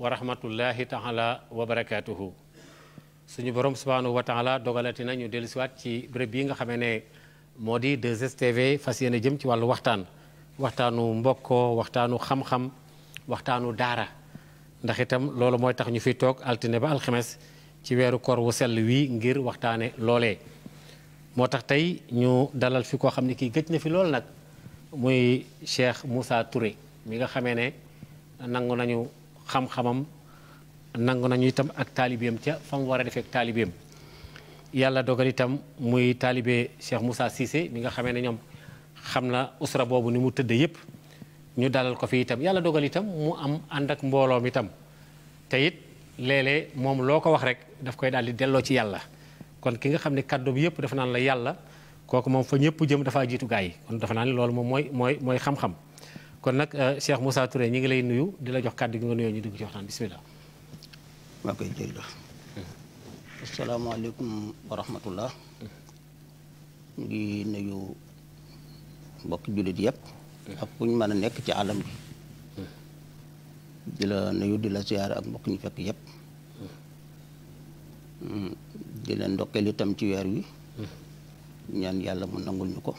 wa rahmatullahi taala wa barakaatuhu suñu borom subhanahu wa taala dogalati nañu ñu dellusiwaat ci béréb bii nga xamee ne moo di 2STV fas yéene jëm ci wàllu waxtaan waxtaanu mbokkoo waxtaanu xam-xam waxtaanu daara ndax itam loolu mooy tax ñu fi toog altine ba alxemes ci weeru kor wu sell wii ngir waxtaane loolee moo tax tey ñu dalal fi koo xam ne kii gëj na fi lool nag muy Cheikh Moussa Touré mi nga xamee ne nangu nañu xam-xamam nangu nañu itam ak taalibeem ca fa war a defee ak taalibeem yàlla dogal itam muy taalibe Cheikh Moussa Cissé mi nga xamee ne ñoom xam na usra boobu ni mu tëdd yépp ñu dalal ko fi itam yàlla dogal itam mu am ànd ak mbooloom itam te it léeg moom loo ko wax rek daf koy daal di delloo ci yàlla kon ki nga xam ne kàddu bi yépp dafa naan la yàlla kooku moom fa ñëpp jëm dafaa jiitu gaa yi kon dafa naan loolu moom mooy mooy mooy xam-xam kon nak euh, Cheikh Moussa Touré ñi ngi lay nuyu dila jox kaddu gi nga nuyu ñu dugg ci waxtan bismillah ma koy assalamu alaykum wa rahmatullah. ñu ngi nuyu mbokk julit yëpp. ak fu mëna mën nekk ci alam bi. dila nuyu dila ziar ak mbokk ñu fekk yëpp. dila ndokkel itam ci weer wi. ñaan yalla mu nangul ñuko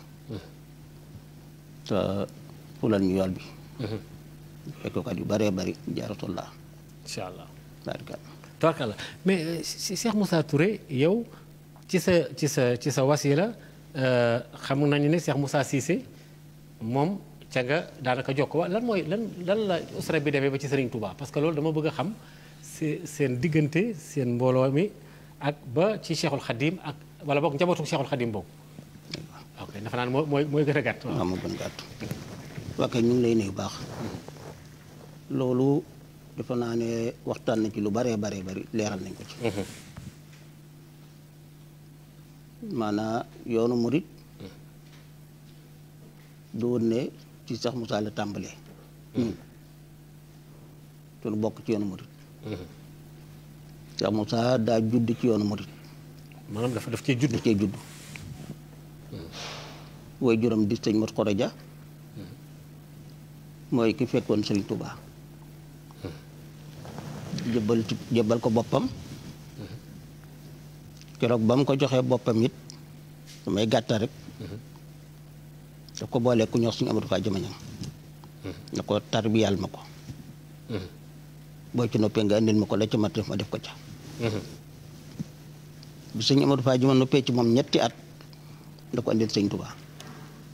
fulal ñu yool bi fekk mhm. ko kan bëree bëri jaaratullah incha allah barikalla tawakkal mais Cheikh Moussa Touré yow ci sa ci sa ci sa wasila euh xam nañu ne Cheikh Moussa Cissé mom ca nga jokk wa lan moy lan lan la usra bi demee ba ci Serigne Touba parce que loolu dama bëgg xam sen digënté sen mbolo mi ak ba ci Cheikhul Khadim ak wala bok njabootu Cheikhul Khadim bok ok dafa naan mooy moy gën a gàtt. waaw moo waa kay ñu ngi lay nuyu baax loolu dafa naa ne waxtaan na ci lu bare bare bari leeral nañ ko ci mhm. maanaa yoonu murit doon ne ci sax Moussa la tàmbalee mhm. hmm. te lu bokk ci yoonu murit sax mhm. Moussa daa judd ci yoonu murit maanaam dafa def cee judd cee judd hmm. way juróom di sëñ Xoroja mooy ki fekkoon sëñ Touba jëbbal ko boppam keroog ba mu ko joxee boppam it may gàttal rek daf ko boolee ku ñox suñ amatu faa jamañam na ko tarbiyal ma ko boo ci noppee nga indil ma ko la ca mat def ma def ko ca bi sëñ Amadou Faye juma noppee ci moom ñetti at da ko andil sëñ Touba.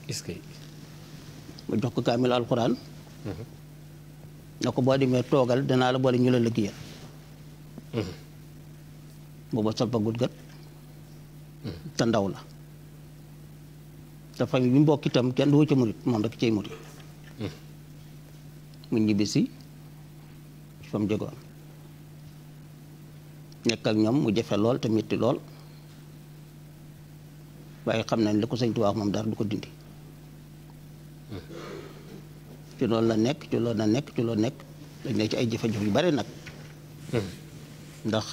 est-ce que. ma jox ko kaamil alxuraan na ko boo demee toogal danaa la boole ñu la liggéeyal mhm. booba solpagut gat mhm. te ndaw la te famille bi mbokk itam kenn du ca murit moom rek cay murit mhm. mu ñibbisi fa mu jógoon nekk ak ñoom mu jafe lool te metti lool waaye xam nañ li ko sëñ Tuubaa moom dara du ko dindi ci loolu la nekk ci loolu la nekk ci loolu nekk dañ nekk ci ay jafe-jafe yu bare nag hmm. ndax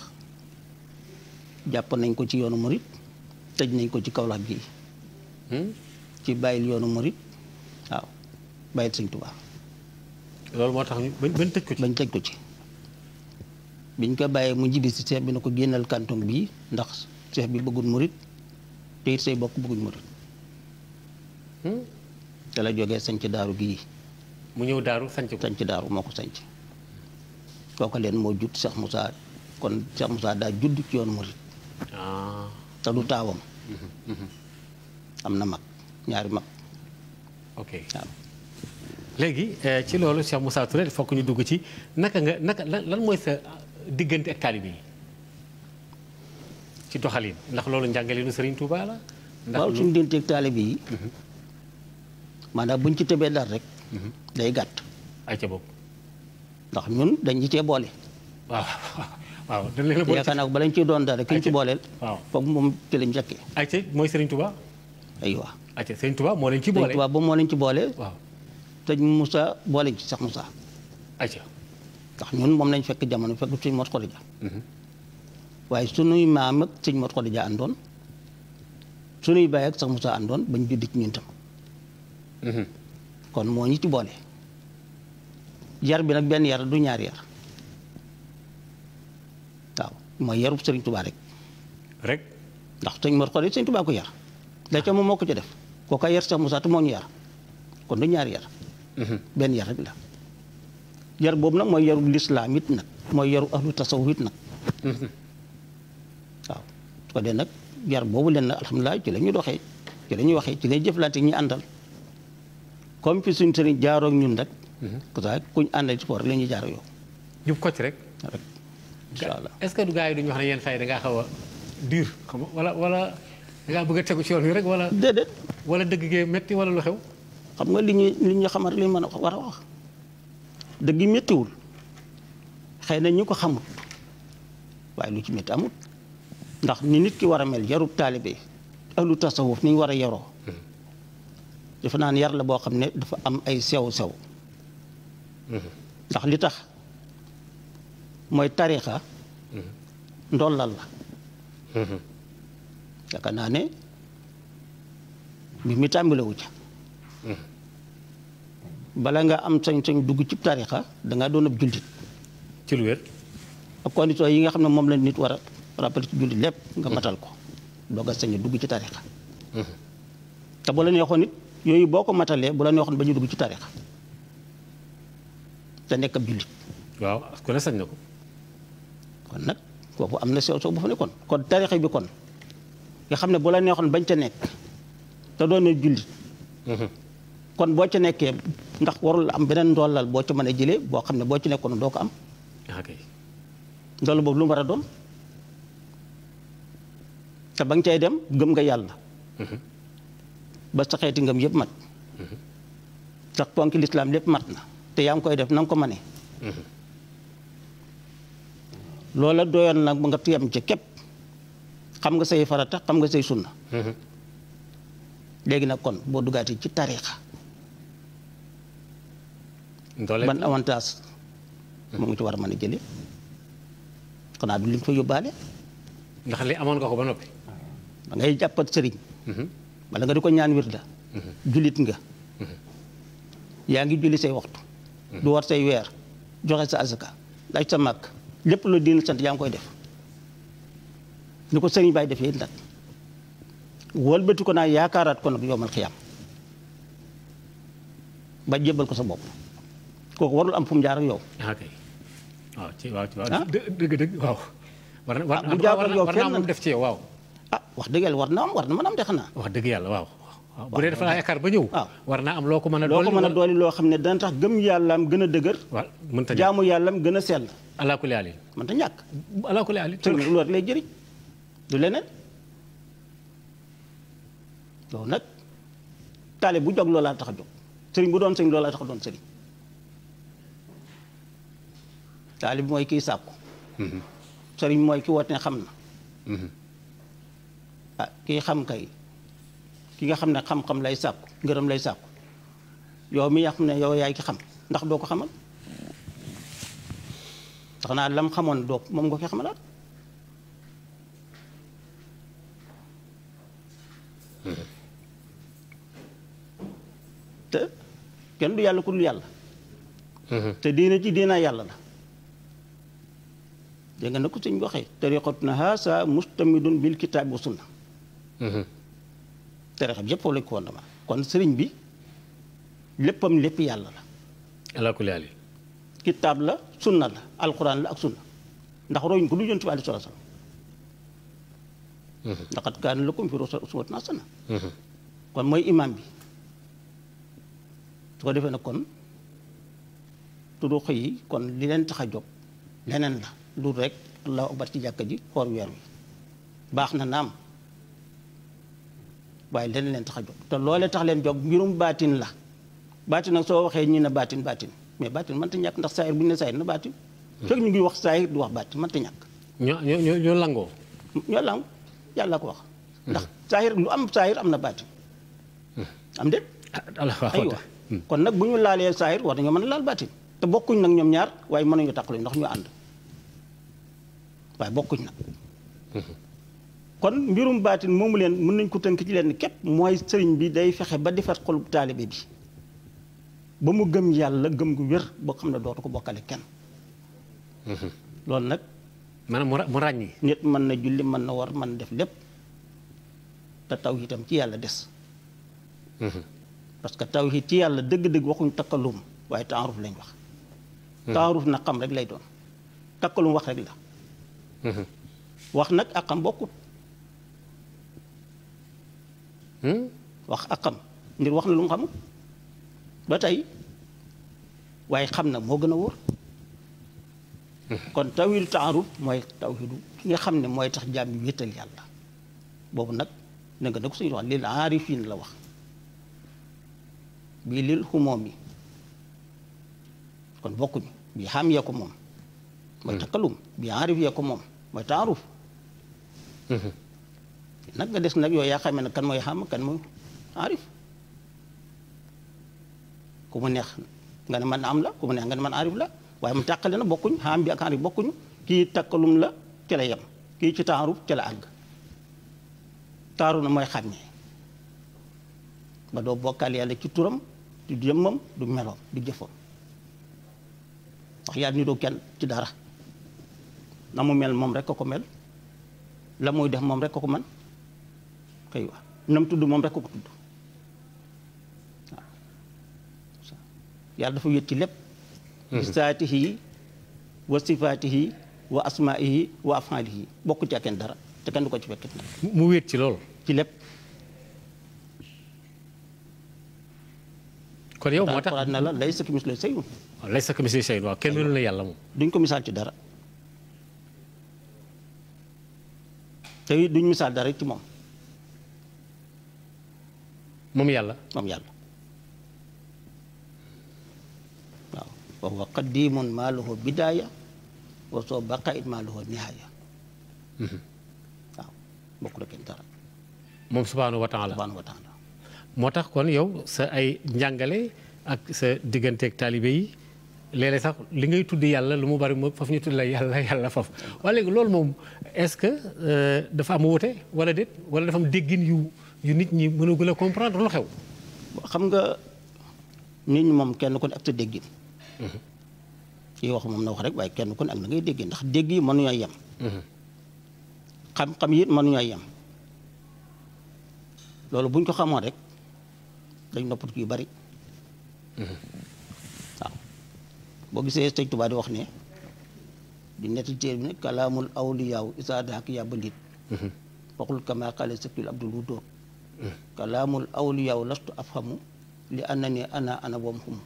jàpp nañ ko ci yoonu murit tëj nañ ko ci Kaolack gi hmm. ci bàyyil yoonu murit waaw bàyyil Sëñ Tuubaa loolu moo tax bañ tëj ko ci bañ ko ci biñ ko bàyyee mu jibi si seex bi na ko génnal kanton bii ndax seex bi bëggul murit te it say bokk bëgguñ murit hmm. te la jógee sañ ci daaru gii mu ñew daru sanc ko sanc daaru moo ko sanc kooka leen moo judd Cheikh Moussa kon Cheikh Moussa da judd ci yoon ah ta du tawam amna mak ñaari mak ok waaw eh, ci lolu Cheikh Moussa Touré fokk ñu dugg ci naka nga naka lan moy sa digënté ak talibi ci doxalin ndax lolu loolu ñu Serigne Touba la. ndax waaw suñu diggante ak talibi yi mhm. maanaam buñ ci tebe dara rek. day gàtt. ay ca boobu. ndax ñun dañu cee boole. waaw waaw dañ leen a boole yaakaar naa bala ñu ciy doon dara ki ñu ci booleel. waaw foog moom ci lañ njëkkee. ay ca mooy Serigne Touba. aywa ay ca Serigne Touba moo lañ ci boole Serigne Touba boobu moo leen ci boole. waaw te Moussa boole ci sax Moussa. ay ca ndax ñun moom lañ fekk jamono fekk suñu mot mhm. waaye suñuy maam ak suñu mot xolija àndoon. suñuy baay ak sax Moussa àndoon bañ judd ci ñun tam. Mhm. kon moo ñu ci boole yar bi nag benn yar du ñaar yar waaw mooy yarub sëriñ tubaa rek rek ndax sëñ Mor Xore sëñ tubaa ko yar da ca moom moo ko ci def koo ka yar sax Musaa moo ñu yar kon du ñaari yar mm-hmm. benn yar rek la yar boobu nag mooy yarub lislaam it nag mooy yaru ahlu tasawuf it nag mm-hmm. waaw su ko dee nag yar boobu leen na alhamdulilah ci la ñu doxee ci la ñuy waxee ci la ñuy jëflante ñi àndal comme fi suñ sëriñ jaaroog ñun rek. Mhm. kusaay kuñ ànd ci port la ñuy jaar yow. jub ko ci rek. rek allah est ce que du gaa yi duñu wax ne yéen fay da ngaa xaw a dur xam wala wala da ngaa a tegu ci yoon wi rek wala. déedéet wala dëgg gee métti wala lu xew. xam nga li ñuy li ñu xamal li mën a war a wax dëgg yi méttiwul xëy na ñu ko xamut waaye lu ci métti amut ndax ni nit ki war a mel yarub taalibe ahlu tasawuf ni ñu war a yaroo. dafa nan yar la bo xamne dafa am ay sew sew ndax li tax moy tarixa ndolal la yaakaar naa ne bi mi tàmbalewu ca bala nga am sañ-sañ dugg ci da danga doon ab jullit ci lu wer ak condition yi nga xamne mom la nit wara rappel ci jullit lepp nga matal ko doga a sañ a dugg ci tarixa hmm. te bu la neexoon nit yooyu boo ko matalee bu la neexoon ba ñu dugg ci tarixa te nekk ab jullit. waaw ku ne sañ na ko. kon nag kooku am na sew sew bu fa nekkoon kon tarixa bi kon nga xam ne bu la neexoon bañ ca nekk te doon na jullit. Mhm. kon boo ca nekkee ndax warul am beneen ndoolal boo ca mën a jëlee boo xam ne boo ci nekkoon doo ko am. ok ndoolu boobu lu mu war a doon te ba nga cay dem gëm nga yàlla. Mhm. ba sa xeeti ngëm yëpp mat mm-hmm. ndax ponki lislaam lépp mat na te yaa ngi koy def na ko mënee mm-hmm. loola doyoon nag mu nga tuyam ci xam nga say farata xam nga say sunna mm-hmm. léegi nag kon boo duggaati ci tariixa ban awantaas mu ngi ci war a mën a xanaa du li nga fa yóbbaale ndax li amoon nga ko ba noppi da jàppat sëriñ wala nga diko ko ñaan wir da mhm. julit nga mhm. ya nga julli say waxtu mhm. du war say wer joxe sa azaka laaj sa mak lepp lu diina sant yaa ngi koy def niko ko sëriñ def yeen nag wëlbati ko naa yaakaaraat ko nag yomal xiyam ba jebal ko sa ko ko warul am fum jaar ak yow. Ah, waaw ci waaw ci waaw ah? deug deug waaw. war na war ah, na def ci yow waaw. ah wax dëgg yàlla war na am war na wax dëgg yàlla waaw. waaw bu dee dafa laa ba ñëw. waaw war naa am loo ko mën a. dooli loo ko mën a dooli loo xam ne dana tax gëm yàllaam gën a dëgër. waaw mënta jaamu yàllaam gën a sell. alaa kulli aali. mënta ñàkk. alaa nag taale bu jóg loolaa tax a jóg sëriñ bu doon sëriñ loolaa tax a doon sëriñ taale bi mooy kiy sàkku. Mhm. sëriñ mooy ki woote xam na. Mhm. ki ah, kii xam kay ki nga xam ne xam-xam lay sàkku ngërëm lay sàkku yow mi nga xam ne yow yaay ki xam ndax doo ko xamal tax naa lam xamoon doo moom nga ko xamalaat te kenn du yàlla ku dul yàlla mm-hmm. te diina ci diina yàlla la dégg nga na ko sëñ waxee tariqatuna haasa mustamidun bil kitaab wa sunna Mm-hmm. tere xam yëpp foofu lañ ko woon dama kon sëriñ bi léppam lépp yàlla la. alaakulli ali. kitaab la sunna la alquran la ak sunna ndax royuñ ko du yonent bi aleyhi salaatu wa salaam. Mm-hmm. Mm-hmm. kon mooy imaam bi su ko defee na kon turuq yi kon li leen tax a jóg leneen la lu rek la obat ci jàkka ji xoor weer wi baax na naam. waaye leneen leen tax a jóg te loole tax leen jóg mbirum baatin la baatin nag soo waxee ñi ne baatin baatin mais baatin mënta ñàkk ndax saayir bu ñu ne saayir na baatin hmm. ñu ngi wax saayir du wax baatin mënta ñàkk ñoo ñoo ñoo langoo ñoo lang yàlla ko wax hmm. ndax saayir lu am saayir am na baatin hmm. am déet aywa kon nag bu ñu laalee saayir war nañoo mën a laal baatin te bokkuñ nag ñoom ñaar waaye mënuñu taqaluñ ndax ñu ànd waaye bokkuñ nag kon mbirum batin momu len mën nañ ko tënk ci len kep moy sëriñ bi day fexé ba defar xolub talibé bi ba mu gëm yalla gëm gu wër ba xamna dootu ko bokalé kenn mhm. lool nak manam mu ràññi nit man na julli man na war man def lepp ta tawhidam ci des mhm. parce que tawhid ci yalla deug deug waxuñ takalum waye taaruf lañ wax mhm. taaruf na xam rek lay doon takalum wax rek la wax nak akam Hmm? wax ak xam ngir wax na lum mu xamul ba tey waaye xam na moo gën a wóor kon taw tawhidu taaruf mooy taw ki nga xam ne mooy tax jaam bi wéetal yàlla boobu nag na nga ko suñu wax lil aarifin la wax bii lil xumoom yi kon bokkuñu bii xam yee ko moom mooy hmm. takkalum bii aarif yee ko moom mooy taaruf hmm. nak nga des nak yow ya xamé kan moy xam kan moy ya, kan, kan arif ku mu neex ya, nga ne man am la ku mu neex ya, nga ne man arif la waye mu takale na bokkuñ xam bi ak kan, arif bokkuñ ki takalum la ci la yam ki ci taaruf ci la ag taaru na moy xàmmee ba do bokal yalla ci turam di jëmmam du melo di jefo wax ni ci dara namu mel mom rek ko mel la def mom rek ko man koy wax nam tudd moom rek ko tudd yàlla dafa wét ci lépp mhm. bi saatihi wa sifaatihi wa asmaihi wa afaalihi bokku ci ak kenn dara te kenn ko ci fekk mu wét ci lool ci lépp kon yow moo tax na la laysa kamislihi shay'un laysa kamislihi shay'un waaw kenn mënu la yàlla moom duñ ko misaal ci dara te duñ misaal dara ci moom moom yàlla moom yàlla waaw wa huwa qadimun maa lahu bidaaya wa soo baqa maa lahu nihaaya mhm. la moom subhaanahu wa moo tax kon yow sa ay njàngale ak sa digganteeg taalibe yi léeg sax li ngay tudd yàlla lu mu bari moom faf ñu tudd la yàlla yàlla faf waaye léegi loolu moom est-ce que euh, dafa am wuute wala déet wala dafa am déggin yu yu nit ñi mënu a comprendre lu xew xam nga nit ñi mom kenn ku ne ak sa déggin mhm. kii wax mom na wax rek waaye kenn ku ne ak na ngay déggin ndax dégg yi mënuñoo yem mhm. xam-xam yi mënuñoo yem loolu buñ ko xamoon rek dañ noppat yu bari mhm. waaw boo gisee sëñ Tuubaa di wax ne di netti téer bi ne kalaamul awliyaaw isaa daak yàbbalit waxul kama xale sëkkil abdul wudoot kalaamul awliyaa lastu afhamu li annani ana ana wam hum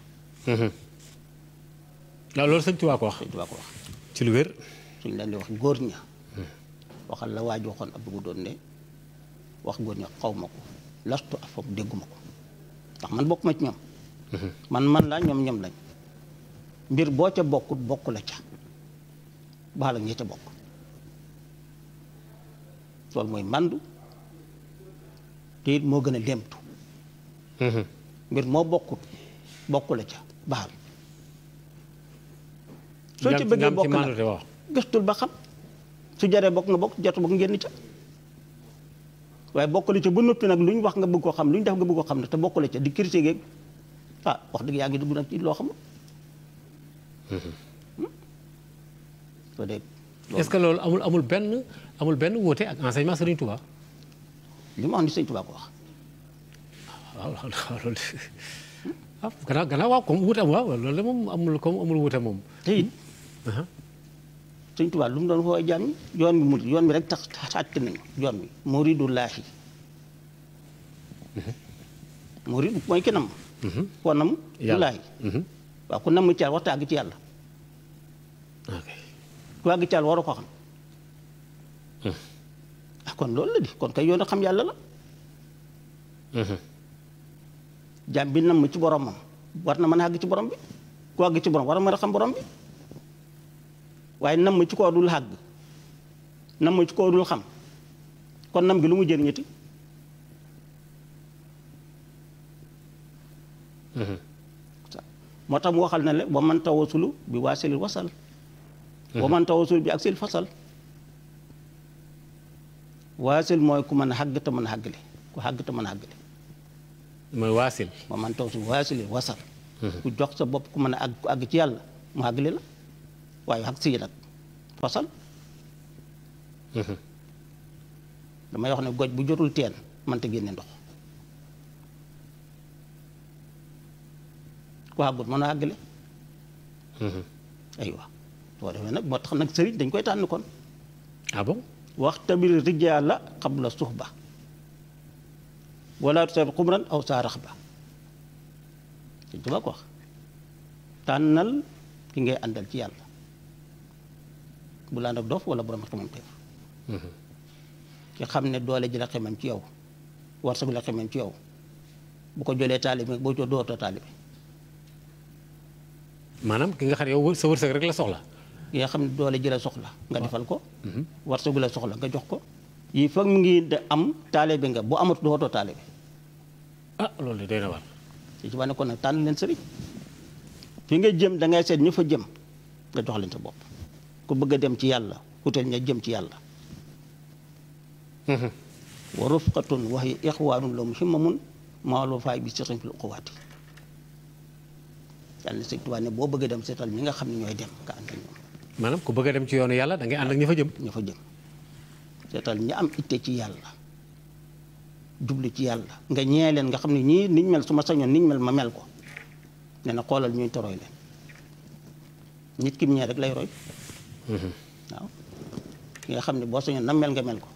mhm. waaw loolu sëñ Tuubaa ko wax sëñ ko wax ci lu wér suñ leen di wax góor ña mhm. waxal la waaj waxoon ab dugg doon ne wax góor ña xaw ma ko lastu afhamu dégguma ko ndax man bokk ma ci ñoom mhm. man man laa ñoom ñoom lañ mbir boo ca bokkut bokk la ca baala ak ñi ca bokk loolu mooy màndu te moo gën a demtu mm-hmm. mbir moo bokkut bokku ca baaxal soo ci bëggee bokk na gëstul ba xam su jaree bokk nga bokk su jotu bokk ca waaye bokk la ba noppi nag lu ñu wax nga bëgg koo xam lu ñu nga bëgg koo xam ne te bokk la ca di critiquer ah wax dëgg yaa ngi dugg nag ci loo xamul mm-hmm. hmm? est-ce que loolu amul amul benn amul benn wóote ak enseignement Serigne Touba li ma wax ni sëñ Tuubaa ko wax waaw waaw loolu ah gannaaw waaw loolu la moom amul comme amul wuute moom. te it. sëñ lu mu doon woowee jaam yi yoon bi mu yoon bi rek tax sàkk nañu yoon bi muridu laahi. Mhm. muridu mooy ki nam. Mhm. koo nam. yàlla laahi. Mhm. waaw ku namu ci yàlla waxtu àgg yàlla. ku àgg ci waroo ko xam. kon loolu la di kon kay yoonu xam yàlla la mm-hmm. jaam bi nam ci boromam war na ma a àgg ci borom bi ku àgg ci borom war a mën a xam borom bi waaye nam ci koo dul àgg nam ci koo dul xam kon nam bi lu mu jëriñati mm-hmm. moo tax mu waxal na le wa man tawasulu bi waasilil wasal mm-hmm. wa man tawasulu bi ak sil fasal waasil mooy ku mën a xàgg te mën a xàggale ku xàgg te mën a xàggale mooy waasil wa man taw si waasil wasal mhm. ku jox sa bopp ku mën a àgg ku ci yàlla mu xàggale la waaye xag sii nag mhm. ne goj bu jotul teen mënta génne ndox ku xàggut mën a xàggale mhm. aywa boo defee nag moo tax nag sëriñ dañ koy tànn kon ah waxtamil rijaala qabla suxba wala tusabi xumran aw saa rax ba suñ tubaab wax tànnal ki ngay àndal ci yàlla bu la ànd ak dof wala borom xamam teef ki xam ne doole ji la xemam ci yow war sa bi la xemam ci yow bu ko jolee taalibe boo co doortoo ki nga xam yow sa wërsëg rek la soxla yi nga xam ne doole ji la soxla nga defal ko mm-hmm. warsagu la soxla nga jox ko yi foog mu ngi am taalibe nga bu amatu dootoo taalibe ah loolu day na war ci wax ne kon nag tànn leen sëriñ fi nga jëm dangay seet ñu fa jëm nga jox leen sa bopp ku bëgg dem ci yàlla utal ña jëm ci yàlla mm-hmm. wa rufqatun wa hiya ixwaanun lahum himmamun maaloo faay bi sëriñ fil uquwaati yàlla na sëriñ Tuubaa ne boo bëgg a dem seetal ñi nga xam ne ñooy dem nga ànd ak ñoom maanaam ku bëgg a dem ci yoonu yàlla da ànd ak ña jëm. ña jëm seetal ñi am itte ci yàlla jublu ci yàlla nga ñee leen nga xam ne ñii niñ mel su ma sañoon niñ mel ma mel ko ne na xoolal ñuy toroy leen nit ki ñee rek lay roy. Mhm. waaw nga xam ne boo sañoon nam mel nga mel ko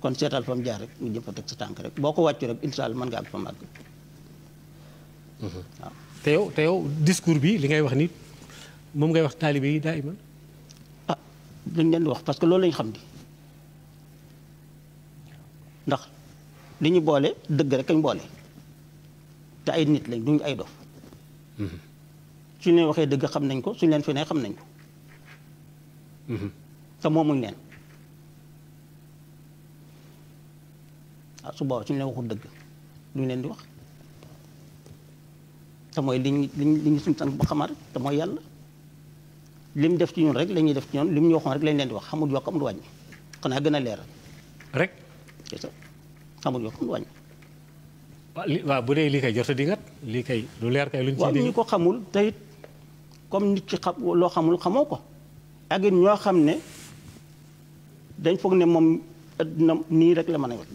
kon seetal fa jaar rek nga jëm fa teg sa tànk rek boo ko wàccu rek incha allah mën nga àgg fa mu mhm. waaw te yow te yow discours bi li ngay wax ni. mom ngay wax talibé yi daima ah dañ len wax parce que loolu lañ xam di ndax li ñu boole dëgg rek kañ boole te ay nit lañ duñ ay dof suñ leen waxee dëgg xam nañ ko suñ leen fi ne xam nañ ko te moomuñ leen ah su boobaa suñ leen waxul dëgg duñ leen di wax te mooy liñ liñ liñ suñ san ba xamar te mooy yàlla lim def ci ñun rek la ñuy def ci ñoom lim ñu waxoon rek lañ leen di wax xamul yokk amul wàññi xanaa gën a leer rek. c'est ça xamul yokk wàññi. waaw bu dee lii kay jot a dingat lu leer kay. luñ ciy dégg waaw ñu ko xamul te it comme nit ci xam loo xamul xamoo ko. ak ñoo xam ne dañ foog ne moom adduna nii rek la mën a wax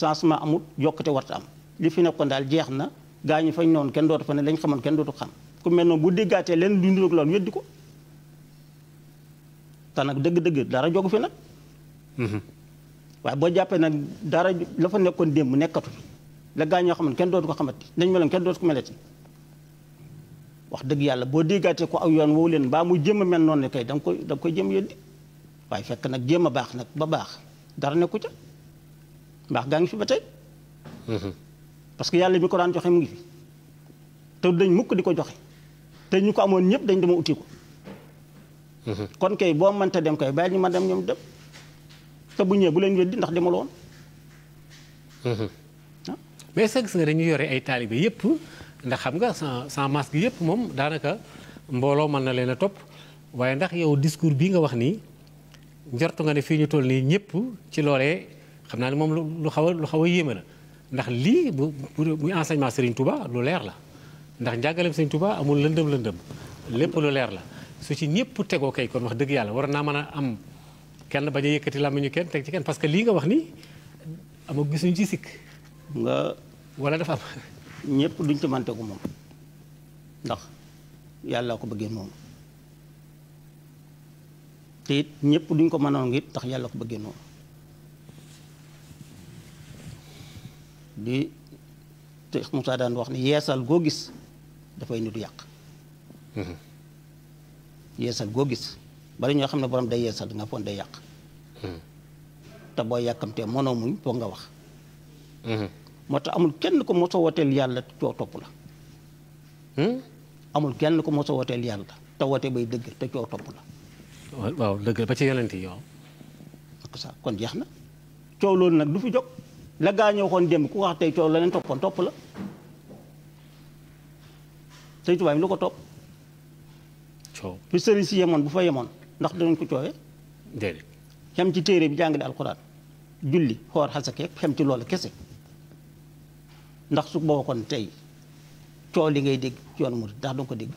changement amul yokkute warta am li fi nekkoon daal jeex na gaa ñu fañ noonu kenn dootu fa ne lañ xamoon kenn dootu xam ku mel noonu bu déggaatee leen lu niroog loolu weddi ko. te nag dëgg-dëgg dara jogu fi nag. Mm-hmm. waaye boo jàppee nag dara la fa nekkoon démb nekkatu fi la gaañ xam ne kenn dootu ko xamati dañ meloon kenn dootu ko melati wax dëgg yàlla boo déggaatee ko aw yoon woowu leen baa muy jéem a mel noonu ne kay da nga koy koy jéem a waaye fekk nag jéem a baax nag ba baax dara nekku ca mbaax gaa ngi fi ba tey. Mm-hmm. que yàlla mi ko daan joxe mu ngi fi te dañ mukk di ko joxe te ñu ko amoon ñëpp dañ dama uti ko. kon kay man ta dem kay bàyyi ñu ma dem ñom dem te bu ñew bu leen weddi ndax demul hmm mais sa gis nga dañu yore ay talibé yépp ndax xam nga sans sans masque yépp moom daanaka mbolo man na leena top waye ndax yow discours bi nga wax ni njortu nga ne fii ñu toll ni ñëpp ci lolé xamna ni mom lu xawa lu xawa yema na ndax li bu bu enseignement Serigne Touba lu leer la ndax njàngaleem Serigne Touba amul lëndëm lëndëm lepp lu leer la su ci ñepp tegoo kay kon wax dëgg yalla war na mëna am kenn baña yëkëti lamu ñu kenn tek ci kenn parce que li nga wax ni amu gisun ci sik nga wala dafa am ñëpp duñ ci manté ko mom ndax yalla ko bëggé mom té ñepp duñ ko mëna tax yalla ko bëggé mom di te Moussa daan wax ni yeesal go gis fay nitu yeesal goo gis bari ñoo xam ne borom day yeesal nga foon day yàq hmm. te boo yàkkamtee mënoo muñ foog nga wax hmm. moo tax amul kenn ko mosoo wooteel yàlla coo topp la hmm? kenn ko mosoo wooteel yàlla te woote bay dëgg te coo topp la waaw dëgg ba ci yonent yi kon jeex na coow loolu nag du fi jóg la gaa ñëw xoon dem ku wax tey coow la leen topp la Sëñ Tuubaa mi lu ko topp faw fi sëriñ si yemoon bu fa yemoon ndax danañ ko coowee déedéet xam ci téere bi jàngale alxuraan julli xoor xasakeeg xam ci loolu kese ndax su boo kon tey coow li ngay dégg ci yoon murid ndax danga ko dégg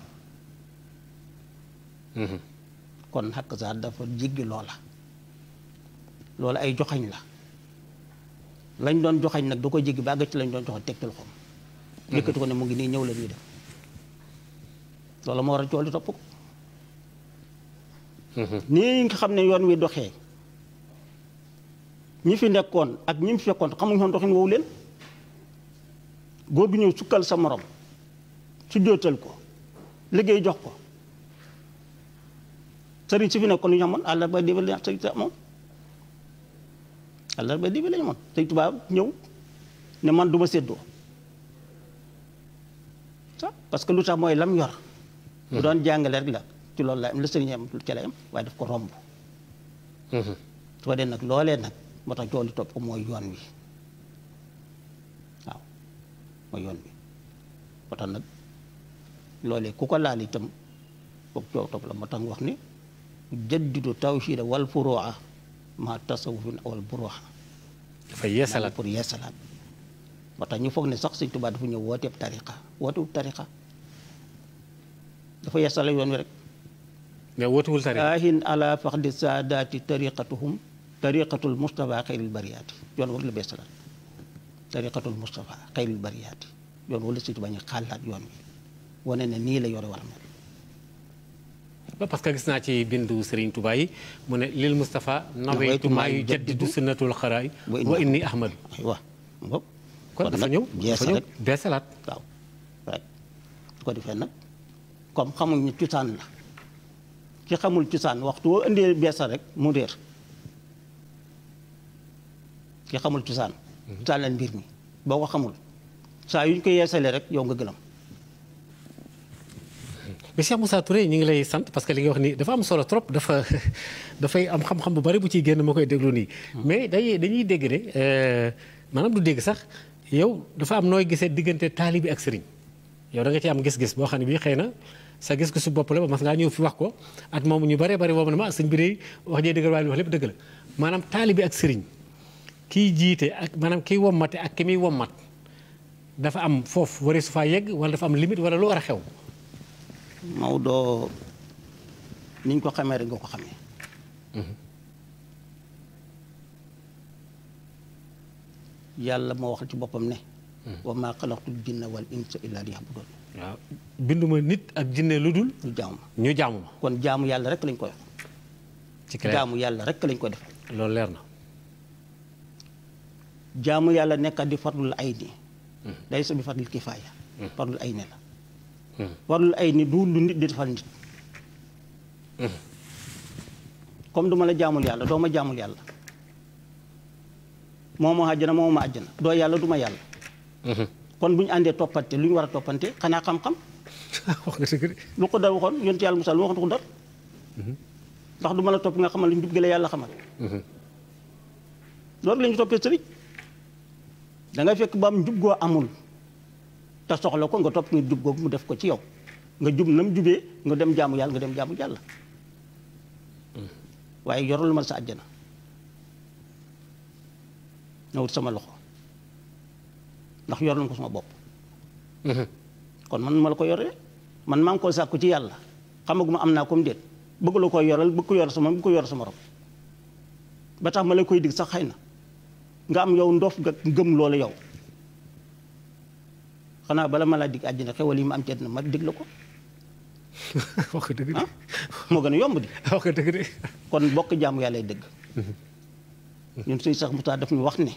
mm-hmm. kon xakk saa dafa jéggi loola loola ay joxañ la lañ doon joxañ nag du ko jéggi ba àgg ci lañ doon joxañ tegtal xom mm-hmm. yëkkati ko ne mu ngi nii ñëw la ñuy def loola moo war a coow li topp ko nii nga xam ne yoon wi doxee ñi fi nekkoon ak ñi fi fekkoon xamuñu woon doxin woowu leen góor gu ñëw sukkal sa morom su jootal ko liggéey jox ko sëriñ si fi nekkoon lu ñu xamoon àllarba dibe la sëriñ si amoon àllarba dibe la ñu ñëw ne man du ma séddoo parce que lu tax mooy lam yor. lu doon jàngale rek la. ci loolu la am la sëriñ am ci la am waaye daf ko romb mm-hmm. su ko dee nag loolee nag moo tax coow li topp ko mooy yoon wi waaw mooy moo tax nag loolee ku ko laal itam foog coow topp la moo tax wax ni jaddidu tawxiida wal furuuxa ma tasawufin wal buruuxa dafa yeesalaat pour yeesalaat moo tax ñu foog ne sax Sëñ Tuubaa dafa ñëw wooteeb tariqa wooteeb tariqa dafa yeesalaat yoon wi rek وتول طريقه اهن على فقد السادات طريقتهم طريقه المصطفى خير البريات جون ولا بيسلا طريقه المصطفى خير البريات جون ولا سيتو باني خالات جون ونن ني لا يوري وار مل با باسكو غيسنا تي بيندو سيرين توباي من للمصطفى نبيت ما يجدد سنه الخراي واني احمد ايوا مبا كون دا نيو بيسلا واو كون دا فنا كوم خامو ني توتان ci xamul cosaan waxtu woo indee beesa rek mu réer ci xamul cosaan mhm. tàllal mbir mi boo ko xamul saa yu ñu ko yeesalee rek yow nga gëlam mais Cheikh Moussa Touré ñu ngi lay sant parce que li nga wax nii dafa am solo trop dafa dafay am xam-xam bu bari bu ciy génn ma koy déglu nii. Hmm. mais day dañuy dégg de euh, maanaam du dégg sax yow dafa am nooy gisee diggante taalibi ak sëriñ yow da nga ci am gis-gis boo xam ne bii xëy na. sa gis ko su bopp la ba nga ñëw fi wax ko at mom ñu bari bari woo na ma sëñ bi de wax jé deugal waaye li wax lépp deugal manam talibi ak señ ki jité ak manam ki womaté ak kimi womat dafa am fof wari su fa yegg wala dafa am limite wala lu wara a xew. Maodo niñ ko xamé rek nga ko xamee. yàlla mo wax ci bopam ne. wa maa xalaqtul jinna wal insa illa liya'budun waaw binduma nit ak jinne lu dul. ñu jaamu ñu jaamu kon jaamu yàlla rek lañ koy def. ci jaamu yàlla rek lañ koy def. loolu leer na. jaamu yàlla nekkat di farlul ay ni. Hmm. day so bi kifaaya. Hmm. farlul ay ni la. Hmm. farlul ay ni du lu nit di defal nit. comme du la jaamul yàlla doo ma jaamul yàlla. moo ma àjjana moo ma àjjana doo yàlla du ma yàlla. kon buñ andé àndee luñ wara topanté xana xam-xam. wax nga dëgg lu ko dal waxoon yonent yàlla Musaa lu waxoon ko dal. Mhm. ndax du ma la topp nga xamal li ñu dugg la yalla xamal. hmm la lañu topé sëriñ da nga fekk bam am njub amul ta soxla ko nga top ni jub googu mu def ko ci yow nga jub nam jubé nga dem jaamu yalla nga dem jaamu yalla hmm waye yorul ma sa aljana na sama loxo ndax yor nañ ko sama bopp mhm. kon man ma ko yoré man maa ko sakku ci yalla xamaguma amna kum comme bëgg lu ko yoral bëgg ko yor sama bëgg ko yor sama rob ba tax ma koy dig sax xëy nga am yow ndof ga gëm loolu yow xana bala mala dig àjjana xewal yi ma am ci ma dig lako ko deug de ah? mo gëna yomb di deug de kon bokk jamm yalla deug mhm. ñun sey sax mu daf ñu wax ne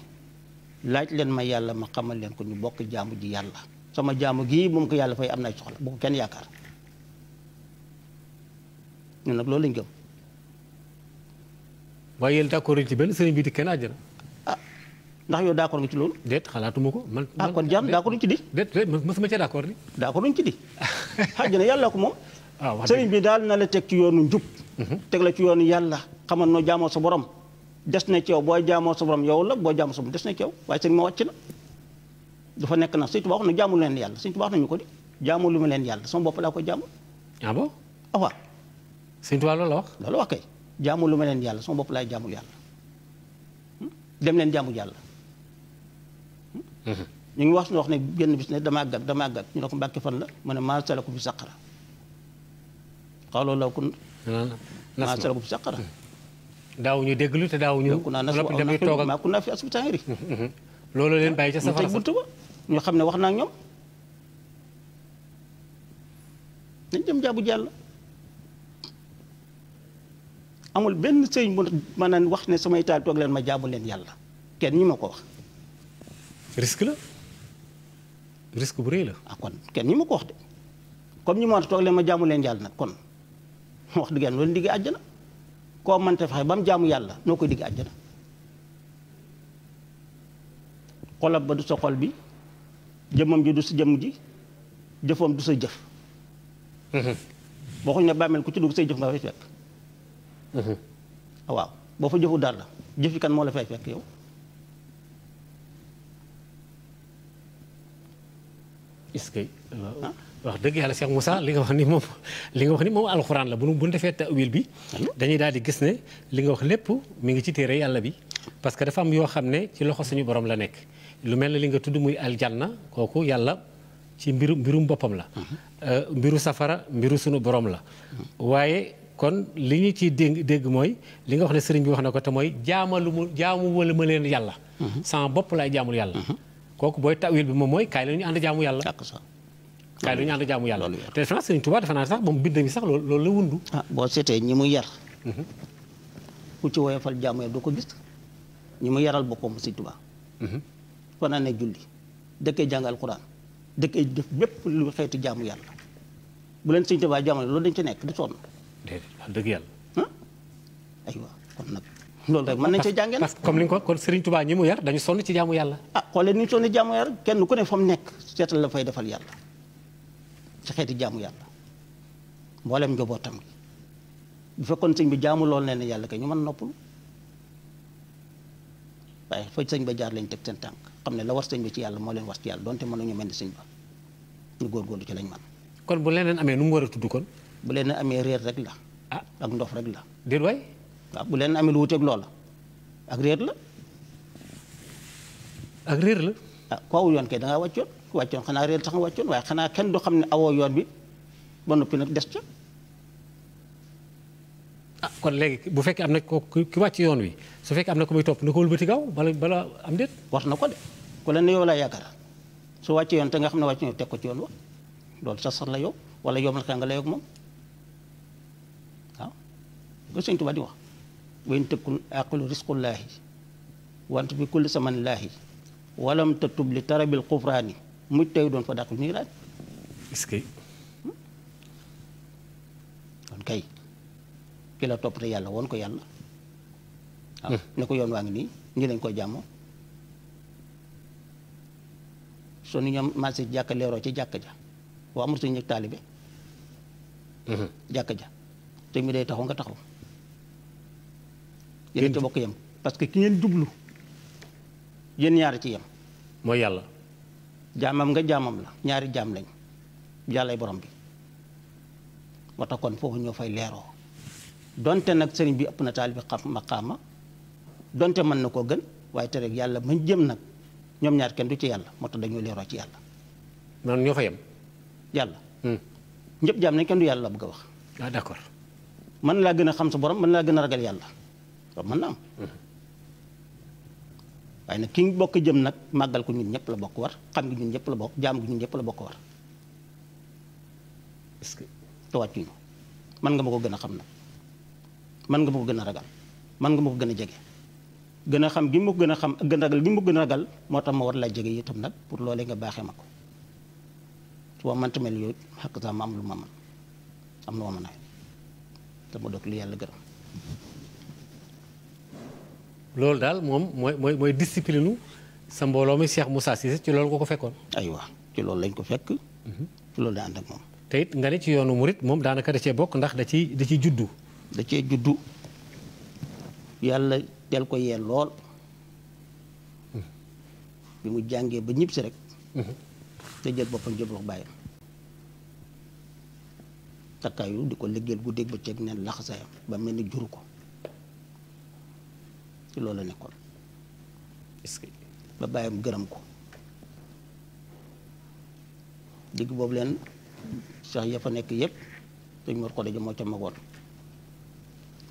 laaj leen ma yàlla ma xamal leen ko ñu bokk jaamu ji yàlla sama jaamu gii moom ko yàlla fay am na soxla bu kenn yaakaar ñun nag loolu lañ gëm. waaye yéen d'accord ci benn sëriñ bi di kenn àjjana. Ah ndax yow d'accord nga ci loolu. det xalaatuma ko man. ah kon jàmm d'accord duñ ci di. déet déet mosuma cee d'accord daa d'accord duñ ci di. àjjana yàlla ko moom. ah bi daal na la teg ci yoonu njub. Mhm. teg la ci yoonu yàlla xamal noo jaamoo sa borom. des na ci yow boo jaamoo sa borom yow la boo jaamoo sa des na ci yow waaye sëñ ma wàcc na dafa nekk na sëñ Tuubaa wax na leen yàlla sëñ wax nañu ko di jaamu lu ma leen yàlla sama bopp laa ko jaamu ah bon ah waaw lu ma leen yàlla sama bopp laay jaamul yàlla hmm? dem leen jaamul yàlla hmm? ñu ngi wax suñu wax ne genn bis ne damaa gàgg damaa gàgg ñu ne ko mbàkke fan la mu ne maa salaku fi saqara xaw loolu la ko maa salaku fi saqara hmm. daawuñu déglu te daawuñu. noppi dem togal ma ko na fi asbitaari mhm. lolo leen bàyyi ci safara buntu ba ñu xam wax na ak ñoom dañ dem jabu jall amul benn sëñ bu manan wax ne samay taal tok leen ma jabu leen yalla kenn ñi ma ko wax. risque la risque bu rëy la. ah kon kenn ñi ma ko wax de comme ñi ma war leen ma jaamu leen yalla nak kon wax dëgg lu loolu liggéey àjjana. koo mënta faxe ba mu jaamu yàlla noo koy digg àjjana xolam ba du sa xol bi jëmmam ji du sa jëmm ji jëfoom du sa jëf boo mm-hmm. xuñ ne bàmmeel ku ci dugg say jëf nga fay fekk mm-hmm. ah, waaw boo fa jëfu dara jëf yi kan moo la fay fekk yow wax dëgg yàlla Cheikh Moussa li nga wax ni moom li nga wax ni moom alxuraan la bu bu defee tawil bi dañuy daal di gis ne li nga wax lépp mi ngi ci téere yàlla bi parce que dafa am yoo xam ne ci loxo suñu borom la nekk lu mel ne li nga tudd muy na kooku yàlla ci mbiru mbirum boppam la euh, mbiru safara mbiru sunu borom la waaye kon li ñu ciy dégg dégg mooy li nga wax ne sëriñ bi wax na ko te mooy jaamalu mu jaamu wala ma leen yàlla mm-hmm. sans bopp laay jaamul yàlla mm-hmm. kooku booy tawil bi moom mooy kaay la ñu ànd yàlla kaay dañu ànd jaamu yàlla te defe naa Sëriñ Tuubaa defe naa sax moom bind mi sax loolu ah, boo seetee ñi mu yar mhm. ku ci woyofal jaamu yàlla ko gis ñi mu yaral boppam Sëriñ Tuubaa mhm. fanaane julli dëkkee jàngal Alxuraan dëkkee def bépp lu xeetu jaamu yàlla bu leen Sëriñ Tuubaa jaamu loolu dañ ci nekk di sonn dëgg yàlla aywa kon nag loolu rek mën nañ cee jàngee comme li ko kon Serigne Touba ñi mu yar dañu sonn ci jaamu yàlla ah xoolee ni ñu sonn ci jaamu yàlla kenn ku ne fa mu nekk seetal la fay defal yàlla ci xeeti jaamu yàlla mboolem njobootam gi bu fekkoon sëñ bi jaamu lool leen yàlla kay ñu mën noppalu waaye fa sëñ ba jaar lañ teg seen tànk xam ne la war sëñ bi ci yàlla moo leen war ci yàlla donte mënuñu mel ni sëñ ba ñu góorgóorlu ci lañ man kon bu leneen amee nu mu war a tudd kon. bu leneen amee réer rek la. ah ak ndof rek la. déet waay. bu leen amee lu wuteeg loola ak réer la. ak réer la. ah ku awul yoon kay da ngaa yoon wàccoon xanaa réer tax nga wàccoon waaye xanaa kenn du xam ne awoo yoon bi ba noppi nag des ca ah kon léegi bu fekkee am na ko ki wàcc yoon wi su fekkee am na ko muy topp na ko wëlbati gaaw bala bala am déet war na ko de ku la ne yow laa yaakaar su wàcc yoon te nga xam ne wàcc yoon teg ko ci yoon wa loolu sax sar la yow wala yow naka nga layoog moom waaw nga sëñ Tuubaa di wax wayn tëkkul àqulu risqullaahi wante bi kulli samanlaahi walam tatub li tarabil xufraani mujtahid doon fa dàqul miiraaj. est-ce que. kon kay ki la topp yàlla woon ko yàlla. Hmm. ne ko yoon waa ngi nii ñu lañ koy jàmm. soo ni ñoom marché jàkka leeroo ci jàkk ja waa amul suñu taalibe. Hmm. jàkka ja te mi day taxaw nga taxaw. yéen ci bokk yem parce que ki ngeen jublu yéen ñaar ci yem. mooy yàlla. jaamam nga jaamam la ñaari jaam lañ yàllay borom bi wata kon foofu ñoo fay leeroo donte nag sëriñ bi ëpp na taal bi xam maqaama donte mën na koo gën waaye te rek yàlla ma jëm nag ñoom ñaar kenn du ci yàlla moo tax dañoo leeroo ci yàlla. man ñoo fa yem. yàlla. Hmm. ñëpp jaam nañ kenn du yàlla la bëgg a wax. ah d'accord. mën laa gën a xam sa borom mën laa gën a ragal yàlla loolu mën na am. Hmm. waaye nag ki bokk jëm nag màggal ko ñun ñëpp la bokk war xam gi ñun ñëpp la bokk jaam gi ñun ñëpp la bokk war est-ce que te wàccuñu man nga ma ko gën a xam nag man nga ma ko gën a ragal man nga ma ko gën a jege gën a xam gi ma ko gën a xam gën a ragal gi ma ko gën a ragal moo tax ma war laa jege tam nag pour loole nga baaxee ma ko soo mënta mel yooyu xaq sax ma am lu ma mën am na ma mën a te ma doog lu yàlla gërëm loolu daal moom mooy mooy mooy discipline sa mbooloo mi seex Cheikh Moussa Cissé ci loolu nga ko fekkoon. aywa ci loolu lañ ko fekk. Mhm. ci loolu daa ànd ak moom. te it nga ne ci yoonu murit moom daanaka da cee bokk ndax da ciy da ciy juddu. da cee juddu yàlla del ko yee lool. Mhm. bi mu jàngee ba ñib si rek. Mhm. te jël boppam jëblox bàyyam takkaayu di ko liggéeyal guddeeg bëccëg neen laxasaayam ba mel ni juru ko. ci loolu la nekkoon est-ce que ba bàyyam gërëm ko digg boobu leen sax ya fa nekk yëpp sëñ Mor Xoreja moo ca magoon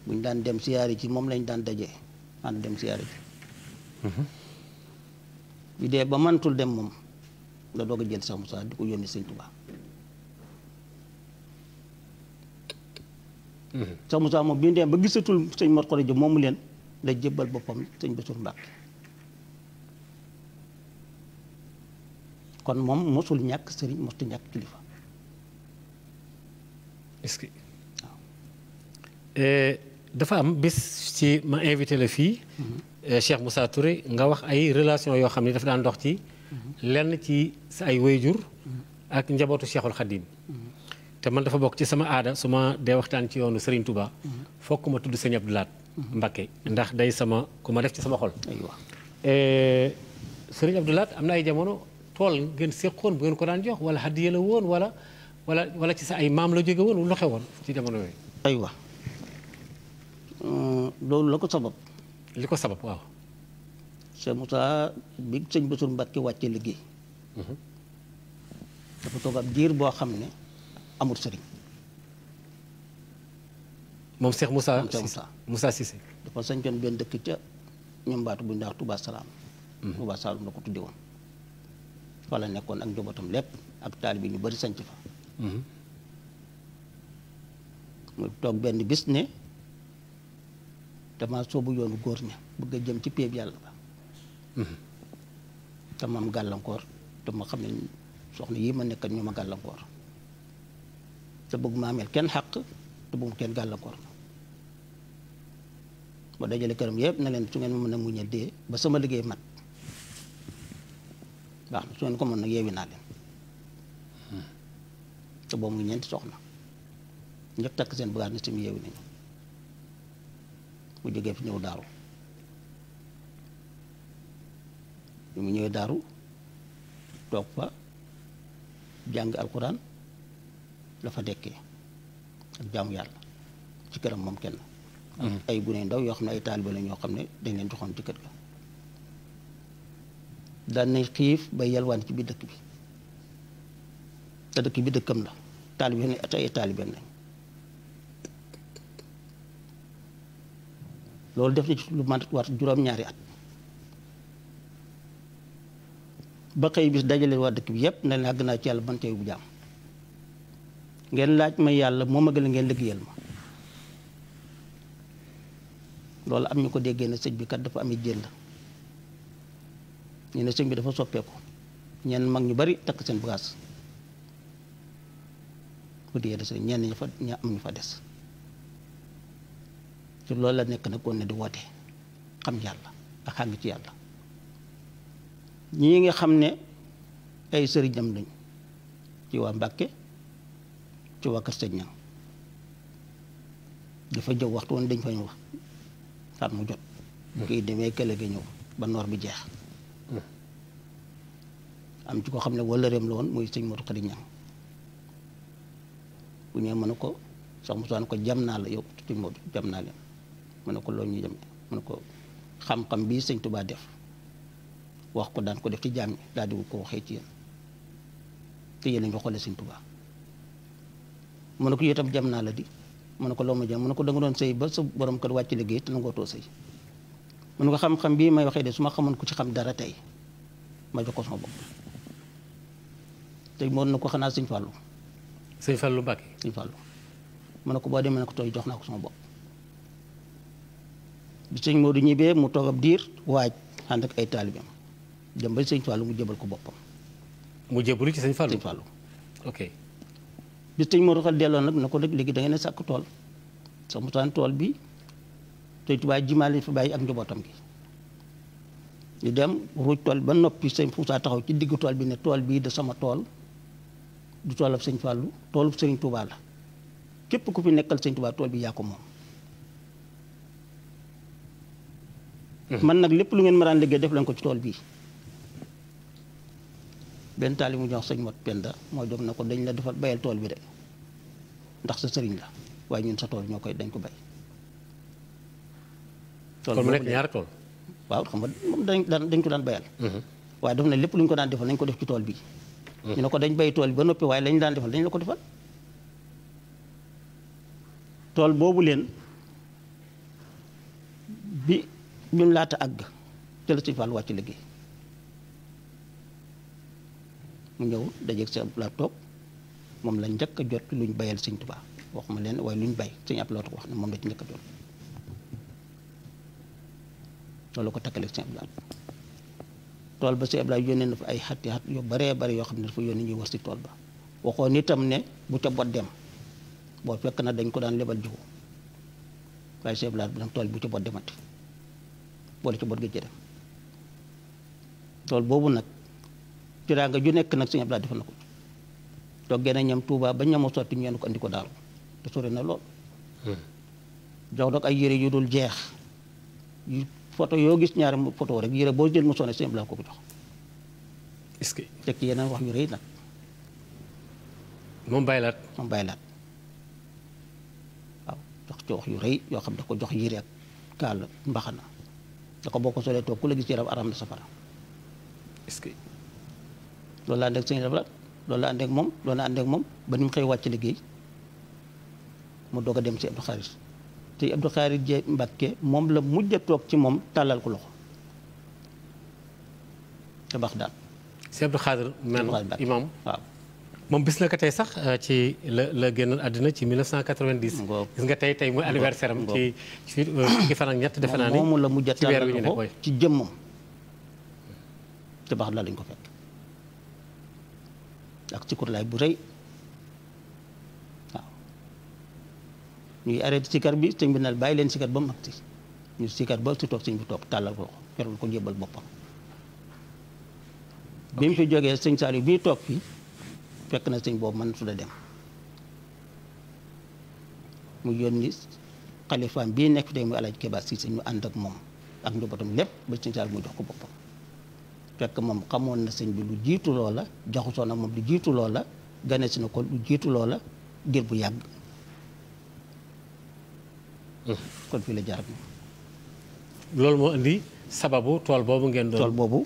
buñ daan dem siyaari ci moom lañ daan daje ànd dem siyaari ci mhm. bi dee ba mantul dem moom la doog a jël sax Moussa di ko mhm. moom bi leen la jébbal boppam sëñ Bassirou kon moom mosul ñàkk sëriñ mosul ñàkk kilifa est eh, dafa am bis ci ma invité la fii mm-hmm. eh, Cheikh Moussa Touré nga wax ay relation yoo xam ne dafa daan ndox ci mm-hmm. lenn ci sa ay wayjur mm-hmm. ak njabootu Cheikhul Khadim te man dafa bokk ci sama aada su ma dee waxtaan ci yoonu Serigne Touba fokk ma tudd sëñ Abdou Lahat Mbakke ndax day sama ku ma def ci sama xol. Eh, sëriñ Abdou Lahad am na ay jamono tool ngeen séqoon bu ngeen ko daan jox wala hadiya woon wala wala wala ci sa ay maam la jóge woon lu xewoon ci jamono yooyu. aywa euh, loolu la ko sabab. li ko sabab waaw. Cheikh Moussa bi sëñ Bassirou Mbacké wàccee liggéey. Mhm. dafa toog ab boo xam ne amul sëriñ. moom Cheikh Moussa Moussa Moussa si dafa sañcoon benn dëkk ca ñoom baatu bu ñu daax Touba Salaam. Mhm. Touba Salaam la ko tuddi woon. fa nekkoon ak njabootam lépp ak taal bi ñu bari sañc fa. Mhm. mu toog benn bis ne dama soobu yoonu góor ña bëgg a jëm ci péeb yàlla ba. Mhm. te gàllankoor te ma xam ne soxna yii ma nekkat ñu ma gàllankoor te bëgg maa kenn xàq. te bu kenn gàllankoor ba dajale këram yëpp na leen su ngeen ma mën a muñal dee ba sama liggéey mat baax na su ngeen ko mën nag yeewi naa leen te boobu mu ñeenti soxna ñëpp takk seen bagaas na si mu yeewi nañu mu jógee fi ñëw daaru bi mu ñëwee daaru toog fa jàng alquran la fa dekkee ak jaamu yàlla ci këram moom kenn mm-hmm. ay gune ndaw yoo xam ne ay taaliba la ñoo xam ne dañ leen joxoon ci kër ga daan nañ xiif bay yalwaan ci biir dëkk bi te dëkk bi dëkkam la taalibe ne loolu def na ci lu mat war juróom-ñaari at ba xëy bis dajale waa dëkk bi yëpp ne la àgg naa ci yàlla ban tey bu jaam ngeen laaj ma yàlla moo ma gën ngeen liggéeyal ma loolu am ñu ko déggee ne sëñ bi kat dafa am jënd ñu ne sëñ bi dafa soppeeku ñenn mag ñu bari takk seen bagaas ku dee des ñenn ñu fa ñu am ñu fa des ci loolu la nekk nag kon ne di woote xam yàlla ak xam ci yàlla ñii nga xam ne ay sëriñam lañ ci waa Mbàkke ci wa kër sëñ ñang dafa jëw waxtu won dañ fañ wax saat mu jot hmm. ki demee kële gi ñëw ba noor bi jeex hmm. am ci ko xam wala rem la woon muy sëñ Modou Khari ñang bu ñe mëna ko sax mosaan ko jamna la yow ci Modou jamna la mëna ko loolu ñu jame mu ko xam-xam bi sëñ Touba def wax ko daan ko def ci jamm daal di ko waxee ci yeen te yeen ñu xolé xoolee sëñ Touba mu ne ko yow tam jam naa la di mu ne ko loo ma jam mu ne ko da doon sëy ba sa borom kër wàcc liggéey te nangootoo sëy mu ne ko xam-xam bii may waxee de su ma xamoon ko ci xam dara tey ma jox ko sama bopp tey moo na ko xanaa sëñ Fallou. sëñ Fallou Mbacké. sëñ Fallou mu ne ko boo demee ne ko tooy jox naa ko sama bopp bi sëñ Modou ñibbee mu toog ab diir waaj ànd ak ay taalibeem dem ba sëñ mu jëbal ko boppam. mu jëbalu ci sëñ Fallou sëñ Fallou bi tëñ moo taxal delloo nag na ko nag léegi da ngeen a sàkk tool sax mu tool bi tey tubaab jimaale fi bàyyi ak njabootam gi ñu dem ruuj tool ba noppi sëñ Fuusa taxaw ci diggu tool bi ne tool bii de sama tool du toolab sëñ Fàllu toolub sëriñ Tuubaa la képp ku fi nekkal sëñ Tuubaa tool bi yaa ko moom hmm. man nag lépp lu ngeen ma daan liggéey def leen ko ci tool bii benn taali mu jox sëñ mot penda mooy doom na ko dañ la defal bayal tool bi de ndax sa sëriñ la waaye ñun sa tool ñoo koy dañ ko bay tool mu nekk ñaari tool waaw xam nga moom dañ ko daan bayal mhm. waaye def na lépp luñ ko daan defal nañ ko def ci tool bi mhm. ñu ne ko dañ bay tool bi ba noppi waaye lañu daan defal dañ la ko defal tool boobu leen bi ñun laata àgg te la sëñ Fall wàcc liggéey mu ñëw da sëñ Abdou Lahad toog moom la njëkk a jot luñ bayal sëñ Tuubaa waxuma leen waaye luñ bay sëñ Abdou Lahad wax na moom la ci njëkk a jot loolu ko takkaleeg sëñ tool ba sëñ Abdou Lahad na fa ay xatti yu baree bari yoo xam ne dafa yónni ñuy war si tool ba waxoon itam ne bu ca bot dem boo fekk na dañ ko daan lebal jiwu waaye sëñ Abdou bi nag tool bu ca bot boo boole ci bot gi ci dem tool boobu nag teraanga ju nekk nag Sëñ Abdou Lahad defal na ko toggee na ñam Touba ba ñamu sotti ñu ne ko andi ko daaru te sori na lool. jox nag ay yére yu dul jeex yu photo yoo gis ñaari photo rek yére boo jël mu sonné Sëñ Abdou Lahad ko ko jox. est-ce que teg ci yeneen wax yu rëy nag. moom Baye Lahad moom Baye Lahad waaw jox ci wax yu rëy yoo xam ne da ko jox yére ak kaal mbaxana da ko boo ko solee toog ku la gis yaram aram na safara est-ce que loolu la ànd ak sëñ Abdoulaye loolu la ànd ak moom loolu la ànd ak moom ba ni mu xëy wàcc liggéey mu doog a dem ci Abdou Khadir te Abdou Khadir Dieye Mbacke moom la mujj a toog ci moom tàllal ko loxo ca Baxdaad. si Abdou Khadir men imam waaw. moom bis na ko tey sax euh, ci la la génnoon àddina ci 1990. gis nga tey tey mooy anniversaire am. ci ci euh, ki fan ak ñett defe naa ni. moomu la mujj a tàllal ci jëmmam lañ ko fekk. ak cukurlaay bu rëy waaw ñuy arrêté sikar bi sëñ bi naan bàyyi leen sikar ba mu agsi ñu sikar ba si toog sëñ bi toog tàllal ko ko yorol ko jébbal boppam bi mu fi jógee sëñ Saliou bii toog fi fekk na sëñ boobu mën su da dem mu yónni xalifaam bii nekk fi tey muy alaaj Keba si ñu ànd ak moom ak lépp ba sëñ mu jox ko boppam fekk mom xamone na sëñ bi lu jitu lola jaxusoon ak moom lu jitu lola gané si na ko lu jitu lola diir bu yag kon fi la jaar ak moom loolu moo sababu tol bobu ngeen do tol bobu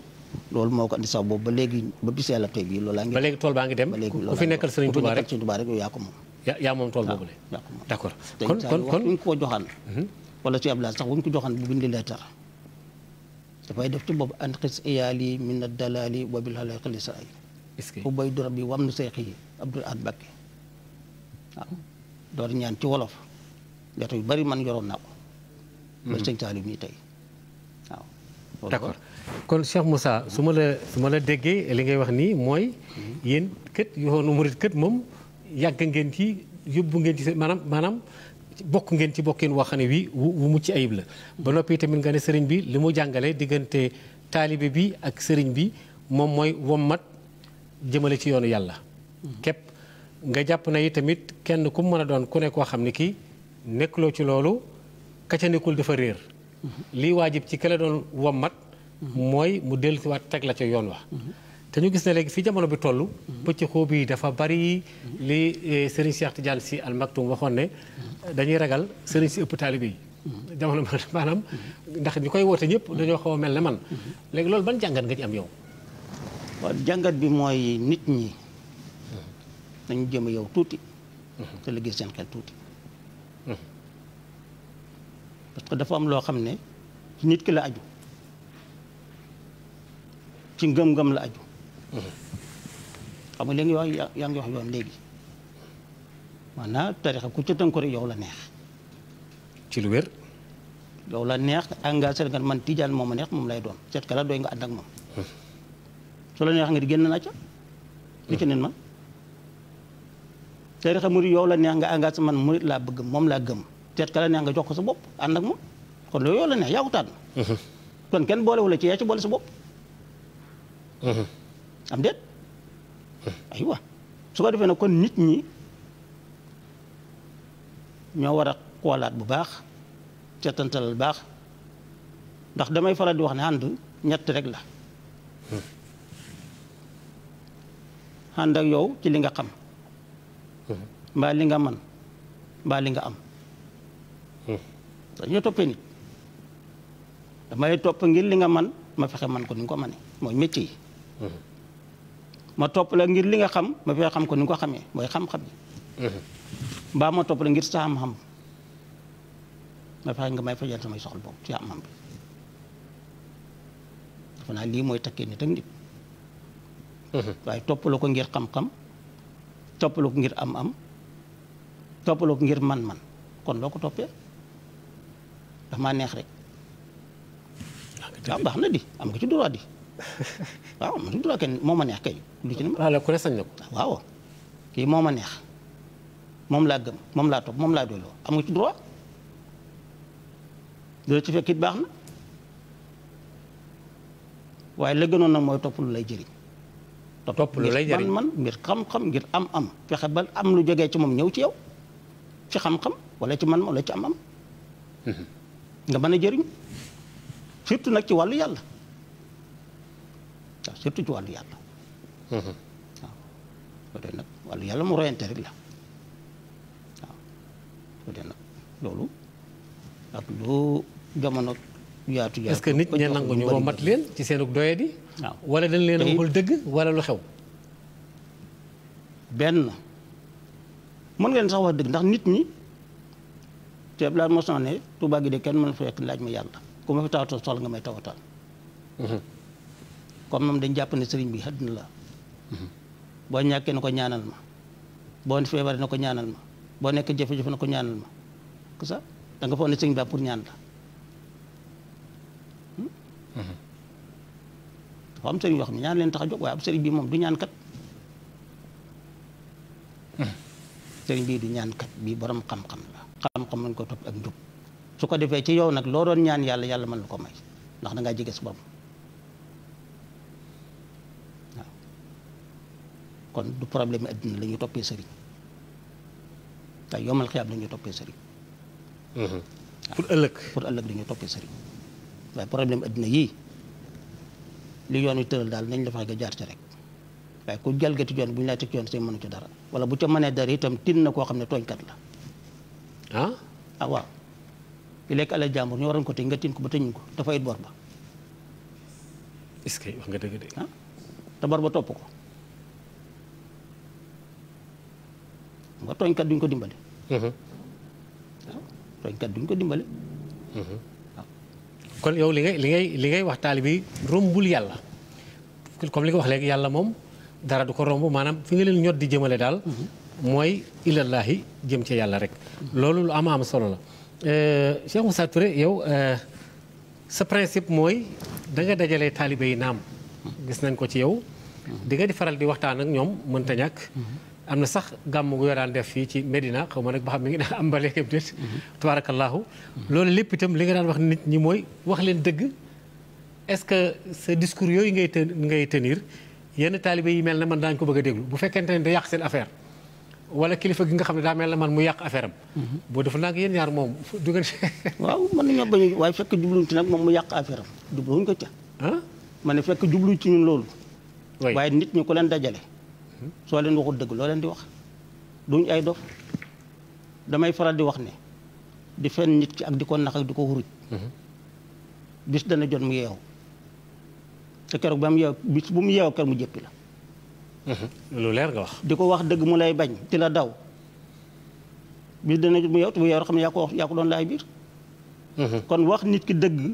loolu moko andi sababu ba léegi ba bisé la tay bi bii la ngi ba léegi tol ba ngi dem ku fi nekkal sëriñ touba rek sëriñ Tuubaa rek ya ko mom ya mom tol bobu le d'accord kon kon kon ko joxal mhm. wala ci abdallah sax wuñ ko joxal bu bindi lettre dafay def ci bopp an khis iyali min ad dalali wa bil halaq halaqi bay du rabbi wam no seex yi abdul ad bakki waaw door ñaan ci wolof leetar yu bari man yoron nako ba sëñ talib ñi tay waaw d'accord kon Cheikh Moussa suma la suma la déggé li ngay wax ni moy yéen kët yoonu mourid kët mom yag ngeen ci yóbbu ngeen ci manam manam bokk ngeen ci bokkin woo xam ne wi wu mucc ayib la ba noppi tamit nga ne sëriñ bi li mu jàngale diggante taalibe bi ak sëriñ bi moom mooy wommat jëmale ci yoonu yàlla képp nga jàpp na yi tamit kenn ku mën a doon ku ne koo xam ne kii nekkuloo ci loolu kaca dafa réer mm-hmm. lii waajib ci kala doon wommat mm-hmm. mooy mu dellusiwaat teg la ca yoon wa mm-hmm. te ñu gis ne léegi fi jamono bi toll. Mhm. pëcc xóob yi dafa bari. Mhm. li eh, Serigne Cheikh Tidiane si Al Maktoum waxoon ne. Mhm. dañuy ragal Serigne si ëpp taalibe yi. jamono maanaam ndax ñu koy woote ñëpp dañoo xaw a mel ne man. léegi loolu ban jàngat nga ci am yow. jàngat bi mooy nit ñi dañu jëm yow tuuti. te gis seen xel tuuti. parce que dafa am loo xam ne ci nit ki la aju ci ngëm-ngëm la aju. Kamu nga ya- yang yang yaa ngi wax yoon léegi maanaam tarixa ku ci tënku rek yow la neex. ci lu wér. yow la neex engagé nga man tijaan moom a neex moom lay doon seet ka la doy nga ànd ak moom. su la neex nga di génn naa ca. li ci nen ma. tarixa murid yow la neex nga engagé man murid laa bëgg moom laa gëm seet ka la neex nga jox ko sa bopp ànd ak kon yow la neex la ci ci boole sa am ay wa su ko defé nag kon nit ñi ño wara xolaat bu baax seetantal bu baax ndax damay faral di wax ne hand ñett rek la hand ak yow ci li nga xam li nga man balinga li nga am dañoo topé nit damay top ngir li nga man ma fexé man ko ni ko mané moy métier ma top la ngir li nga xam ma fi xam ko ni ko xame moy xam-xam mhm. ba ma top la ngir sa am xam ma fa nga may fajal sama soxol bok ci am xam bi li moy takke ni tak nit ak top mhm. waaye ko ngir xam-xam toppaloo ko ngir am-am top toppaloo ko ngir man-man kon loko topé dama neex rek da baxna di am nga ci droit di waaw man du la kenn moo ma neex kay. lu ci ne ma ah, ku ne ah, waaw kii moo ma neex moom laa gëm moom laa topp moom laa doyloo am nga ci droit loolu ci fekk it baax na waaye la gënoon nag mooy topp lu lay jëriñ. topp lu lay jëriñ man ngir xam-xam ngir am-am fexe ba am lu jógee ci moom ñëw ci yow ci xam-xam wala ci man wala ci am-am. Mhm. nga mën a jëriñ surtout nag ci wàllu yàlla. waaw surtout ci wàllu yàlla. waaw mura yang wàllu yàlla mu royante dulu, la waaw loolu nag loolu ak lu jamono yaatu est-ce que nit ñi nangu ñu womat leen doyadi. wala dañ leen a wala nit ñi te Abdoulaye mos na ne Touba de kenn mën fekk laaj ma nga may kon moom dañ jàpp ne sëriñ bi àdduna la boo ñàkkee na ko ñaanal ma boo feebaree na ko ñaanal ma boo nekk jafe na ko ñaanal ma ku danga da nga foog ne sëriñ bi pour ñaan la hmm? dafa am ne ñaan leen tax sëriñ bi moom du ñaan kat sëriñ bii du ñaan kat bii borom xam-xam la xam-xam lañ ko topp ak njub su ko defee ci yow nag loo doon ñaan yàlla yàlla mën la ko may ndax da jege si borom kon du problème addina la ñuy toppee sëriñ te yomal xiyaam la ñuy toppee mm-hmm. pour ëllëg pour ëllëg la ñuy toppee sëriñ waaye problème addina yii li yoon wi tëral daal nañ la fexe nga jaar ci rek waaye ku jalgati yoon bu ñu lay teg yoon si mënu ca dara wala bu ca mënee dara itam tin na koo xam ne tooñkat la. ah ah waaw. di lekk alal jàmbur ñu waroon ko tey nga tin ko ba tëñuñ ko dafa it bor ba. est-ce wax nga dëgg de. Ah? te bor ba topp ko. nga tooñkat duñ ko dimbale. Mm-hmm. waaw tooñkat duñ ko dimbale. Mm-hmm. kon yow li ngay li ngay li ngay wax taalibe bi rombul yàlla comme li nga wax léegi yàlla moom dara du ko romb maanaam fi nga leen ñot di jëmale daal. Mm-hmm. mooy ilallaahi jëm ci yàlla rek. loolu lu am am solo la. Euh, Cheikh Moussa Touré yow euh, sa principe mooy danga nga dajalee taalibe yi naam. gis nañ ko ci yow. di nga di faral di waxtaan ak ñoom mënta ñàkk. am na sax gàmm gu yoraan def fii ci Medina xaw ma nag ba xam mi ngi am ba léegi déet. loolu lépp itam li nga daan wax nit ñi mooy wax leen dëgg est-ce que sa discours yooyu ngay ten ngay tenir yenn taalibe yi mel na man daañu ko bëgg a déglu bu fekkente ne da yàq seen affaire. wala kilifa gi nga xam ne daa mel na man mu yàq affaire mm-hmm. boo defoon naa yéen ñaar moom du ngeen. waaw mën nañoo bañ waaye fekk jubluwuñ ci nag moom mu yàq affaire am jubluwuñ ko ca. man ah? ma fekk jublu ci ñun loolu. waaye nit ñi ko leen dajale soo leen waxul dëgg loo leen di wax duñ ay dof damay faral di wax ne di fen nit ki ak di ko nax ak di ko xuruj mhm. bis dana jot mu yeewu te keroog ba mu yeew bis bu mu yeew kër mu mhm. di ko wax dëgg mu lay bañ ti la daw bis dana jot mu yeew te bu yeew xam ne yaa ko wax yaa ko doon laay biir mhm. kon wax nit ki dëgg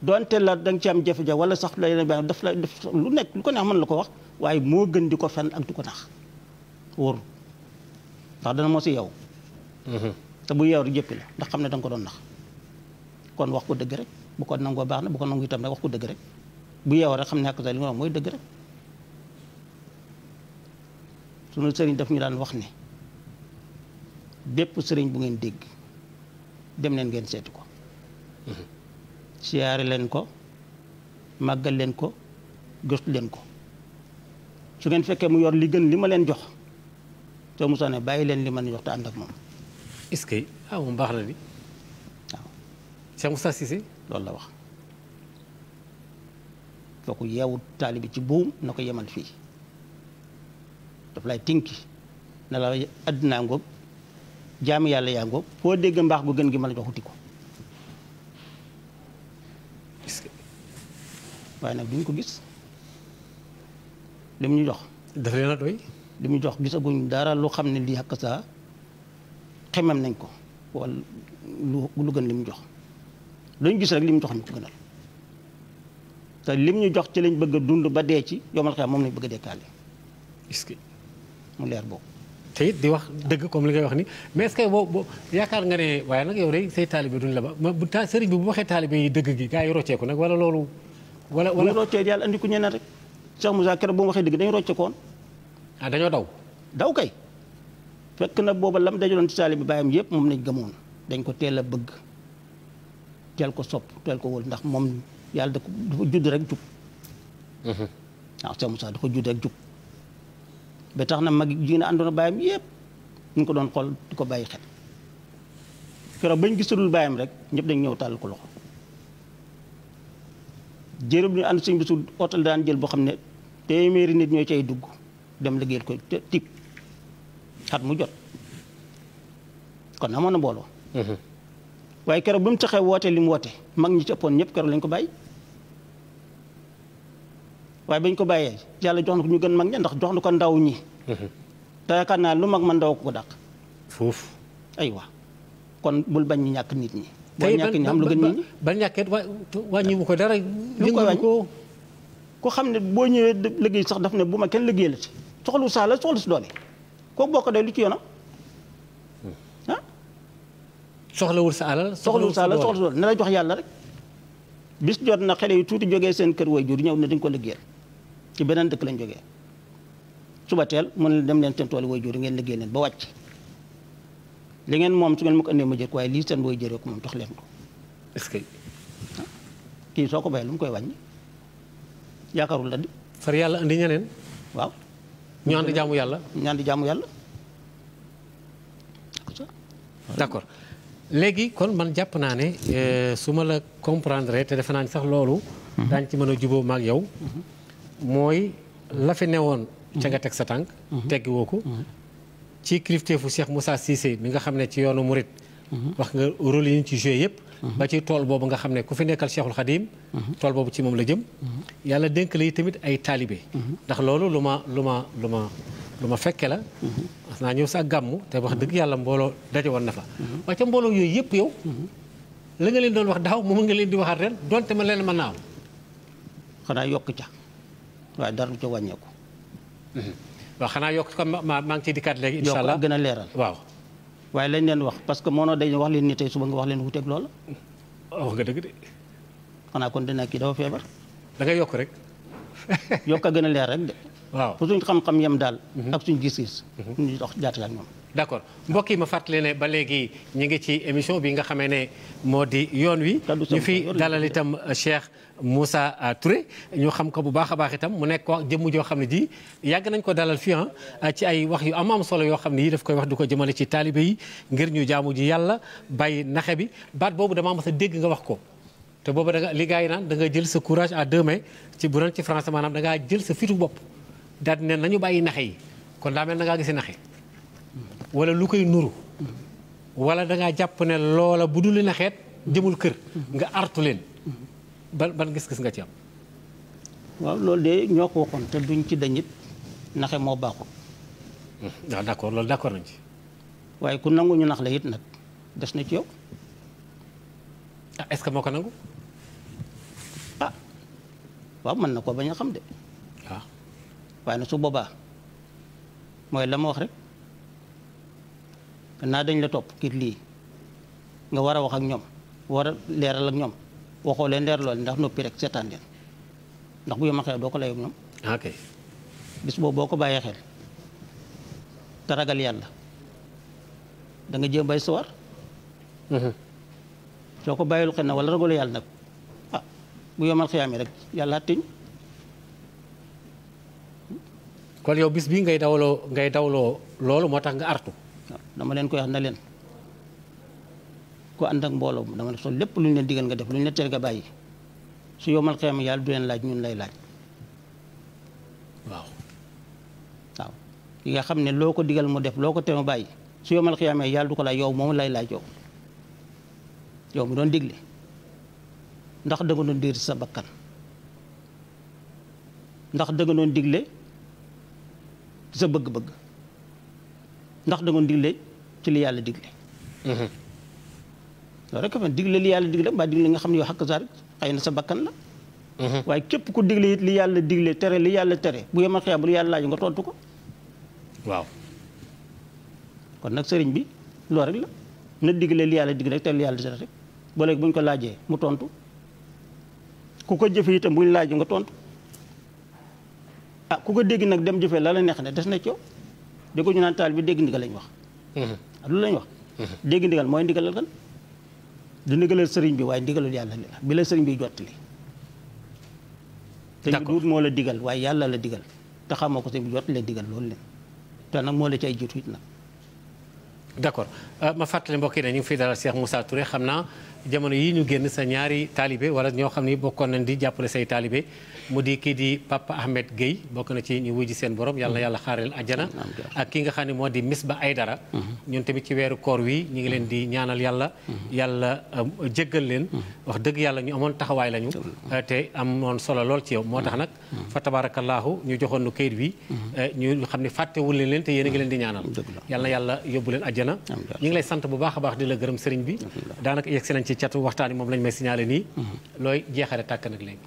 doonte la da nga ci am jafe-jafe wala sax la daf la def lu nekk lu ko neex mën la ko wax waaye moo gën di ko fen ak di ko nax wóor ndax dana moo si yow te bu yeew rek la ndax xam ne danga ko doon nax kon wax ko dëgg rek bu ko nangoo baax na bu ko nangu itam rek wax ko dëgg rek bu yeew xam ne ak li mooy dëgg sëriñ daf ñu daan wax ne bépp sëriñ bu ngeen dégg dem leen ngeen seeti ko mm-hmm. siyaare leen ko màggal leen ko gëstu leen ko su ngeen fekkee mu yor li gën li ma leen jox te Moussa ne bàyyi leen li ma leen jox te ànd ak moom. est-ce que ah moom loolu la wax fooku yeewut taalibi ci buum na ko yemal fii daf lay tinki na la addinaa yàlla yaa ngóob foo dégg mbaax gën gi ma la joxuti ko. waaye nag duñ ko gis. lim ñu jox. daf leena a doy. lim ñu jox gisaguñ dara lu xam li hakka sa xemam nañ ko wal lu lu gën lim jox luñ gis rek lim jox ñu gënal ta lim ñu jox ci lañ bëgg dund ba dé ci yomal xam mom lañ bëgg dékalé dekkaale. est-ce mu leer boobu. te di wax deug comme li ngay wax ni mais est-ce que bo yaakar nga né way nak yow rek sey talibé duñ la ba ma bu ta sëriñ bi bu waxé talibé yi deug gi gaay yi ko nak wala lolu wala wala bu ñu andi ku ñëna rek. Cheikh Moussa keroog boo ma waxee dëgg dañu rocce koon ah dañoo daw. daw kay fekk na booba lam dajaloon ci taalibe baayam yëpp moom lañ gëmoon dañ ko teel a bëgg teel ko sopp teel ko wóol ndax moom yàlla dafa judd rek jub. Mhm. waaw Cheikh Moussa dafa judd rek jub ba tax na mag yi ne àndoon baayam yëpp ñu ko doon xol di ko bàyyi xel keroog bañ gisatul baayam rek ñëpp dañ ñëw tàll ko loxo. jërëb ñu ànd suñ bisu otel daan jël boo xam ne. téeméeri nit ñoo cay dugg dem liggéeyal ko tip xat mu jot kon amoon na mbooloo mhm. waaye keroo ba mu taxee woote li mu woote mag ñi ci ëppoon ñëpp keroog lañ ko bàyyi waaye bañ ko bàyyee yàlla jox na ko ñu gën mag ña ndax jox na ko ndaw ñi mhm. te yaakaar naa lu mag ma ndaw ko ko dàq foofu aywa kon bul bañ ñu ñàkk nit ñi boo ñàkk ñi am lu gën ñi ba ñàkkee wàññiwu ko dara lu ko wàññi ku xam ne boo ñëwee liggéey sax daf ne bu ma kenn liggéeyalati soxlu saa la soxlu si doole kooku boo ko dee lu ci yoona hmm. ah. soxlawul sa alal soxlawul sa alal soxlu si doole na la jox yàlla rek. bis jot na xale yu tuuti jógee seen kër way jur ñëw ne dañ ko liggéeyal ci beneen dëkk lañ jógee suba teel mën leen dem leen seen tool way jur ngeen liggéey leen ba wàcc li ngeen moom su ngeen ma ko andee ma jël waaye lii seen way jur ko moom jox leen ko. est-ce que. Ah? kii soo ko bayee lu mu koy wàññi. yaakaarul la far yàlla indi andi ñeneen. waaw. ñu ànd jaamu yàlla. ñu ànd yàlla. d'accord léegi kon man jàpp naa ne euh, su ma la comprendre te defe naa ne sax loolu. Mhm. daañu ci mën a jubóo maag yow. Mhm. mooy lafi ne woon ca mhm. teg sa tànk. teggiwoo ko. ci kilifteefu Cheikh Moussa Cissé bi nga xam ne ci yoonu Mouride. wax nga rôle yi ñu ci joué yëpp. ba ci tool boobu nga xam ne ku fi nekkal Cheikhul Khadim tool boobu ci moom la jëm yàlla dénk la tamit ay taalibe ndax loolu lu ma lu ma lu ma lu ma fekke la mas naa ñëw sax gàmmu te wax dëgg yàlla mbooloo daje won na fa waaye ca mbooloo yooyu yëpp yow la nga leen doon wax daaw moom nga leen di waxaat ren donte ma leen mën naa am xanaa yokk ca waaye dara du ca wàññeeku waaw xanaa yokk ko maa maa ngi ciy dikkaat léegi incha allah gën a leeral waaw waaye lañ leen wax parce que mënoo dañ wax leen ni tey suba nga wax leen wuteeg loola. wax nga dëgg de. xanaa kon dina kii dafa feebar. da ngay yokk rek. yokk a gën a leer rek de. waaw pour suñ xam-xam yem daal. Mhm. ak suñ gis-gis. Mhm. ñu dox jaatalee ak moom. d' accord mbokk yi ma fàttali ne ba léegi ñu ngi ci émission bi nga xamee ne moo di yoon wi. ñu fi dalal itam euh, Cheikh Moussa euh, Touré. ñu xam ko bu baax a baax itam mu nekk ko jëmm joo xam ne ji yàgg nañ ko dalal fii ah, ci ay wax yu am am solo yoo xam ne yii daf koy wax di ko jëmale ci taalibe yi ngir ñu jaamu ji yàlla bàyyi naxe bi baat boobu damaa mas a dégg nga wax ko. te boobu da nga li naan da nga jël sa courage à deux mains ci bu doon ci français maanaam da jël sa fitu bopp daal ne nañu bàyyi naxe yi kon daa mel na ngaa gisi naxe wala lu koy nuru walla da ngaa jàpp ne loola bu dul li naxeet jëmul kër nga artu leen ban ban gis-gis nga ci am waaw loolu de ñoo ko waxoon te duñ ci dañ dañit naxe moo baaxul waaw ah, d'accord lool d'accord nañ ci waaye ku nangu ñu nax la it nag des na ci yow ah est-ce que moo ko nangu ah waaw mën na ko bañ a xam de waaw ah. waaye na su boobaa mooy la ma wax rek na dañ la top kit li nga wara wax ak ñom wara leral ak ñom waxo leen leer lol ndax nopi rek setan leen ndax bu yoma xel doo ko layoog ñoom ok bis bo boko baye xel taragal yalla da nga jëm bay sawar hmm soko bayul xena wala ragul yalla nak ah bu yomal xiyaami rek yalla tiñ kon yow bis bi ngay dawlo ngay dawlo lolou motax nga artu dama leen koy wax na leen ko ànd ak mbooloo dama def so lépp lu ñu leen digal nga def lu ñu leen tere nga bàyyi su yomal xiyam yàlla du leen laaj ñun lay laaj waaw waaw ki nga xam ne loo ko digal mu def loo ko tere mu bàyyi su yomal xiyam yàlla du ko laaj yow moom lay laaj yow mu doon digle ndax danga doon diir sa bakkan ndax danga doon digle sa bëgg-bëgg ndax danga doon digle ci li yàlla digle mm-hmm. loolu rek man digle li yàlla digle mbaa digle nga xam ne yow xakk sarik xëy na sa bakkan la mm-hmm. waaye képp ku digle it li yàlla digle tere li yàlla tere bu yemal xeex bu lu yàlla laaj nga tontu ko waaw kon nag sëriñ bi loo rek la na digle li yàlla digle rek tere li yàlla tere rek ba bu ñu ko laajee mu tontu ku ko jëfe itam bu ñu laajee nga tontu ah ku ko déggi nag dem jëfee lala la neex ne des na coow da naan taal bi dégg lañ wax mm-hmm. loolu lañu wax dégg ndigal mooy ndigalal kan du ndigalal sëriñ bi waaye ndigalal yàlla li la bi la sëriñ bi jottali te duut moo la digal waaye yàlla la digal te xamoo ko sëriñ bi jottali digal loolu leen te nag moo la cay jiitu it nag d'accord euh, ma fàttali mbokk yi ne ñu ngi fiy dalal Cheikh Moussa xam naa jamono yi ñu génn sa ñaari taalibe wala ñoo xam ni bokkoon nañ di jàppale say taalibe mu di kii di Papa Ahmed Guèye bokk na ci ñu wujji seen boroom yàlla na yàlla xaaral ajjana ak ki nga xam ne moo di Misba Aydara mhm. ñun tamit ci weeru koor wi ñu ngi leen di ñaanal yàlla mhm. yàlla um, jéggal leen mhm. wax dëgg yàlla ñu amoon taxawaay lañu te amoon solo lool ci yow moo tax nag fa tabaarakallaahu ñu joxoon nu kayit bi eh, ñu xam ni fàttewul leen leen te yéen a ngi leen di ñaanal yàlla na yàlla yóbbu leen ajjana ñu ngi lay sant bu baax a baax di la gërëm sëriñ bi ci catu waxtaan yi moom lañ may signalé nii. Mm-hmm. looy jeexare tàkk nag léegi.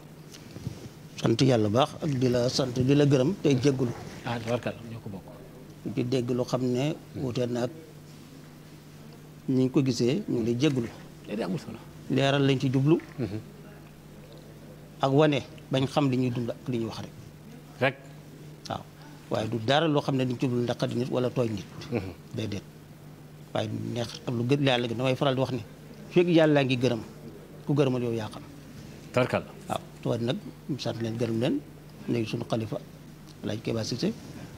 sant yàlla baax di la sant di la gërëm tey jéggulu ah warkal ñoo ko bokk. dégg lu xam ne wuute na ak ko gisee ñu ngi lay jéggulu leeral lañ ci jublu. Mm-hmm. ak wane bañ xam li ñuy dund ak li ñuy wax rek. rek waaw waaye du dara loo xam ne dañ ci jublu ndax nit wala tooñ nit. Mm-hmm. déedéet waaye neex ak lu gën yàlla gi damay faral di wax ni fekk yàlla ngi gërëm ku gërëmal yow yaa xam. tarkal waaw tuwaat nag sant leen gërëm leen nuyu suñu xalifa laaj Kéba Cissé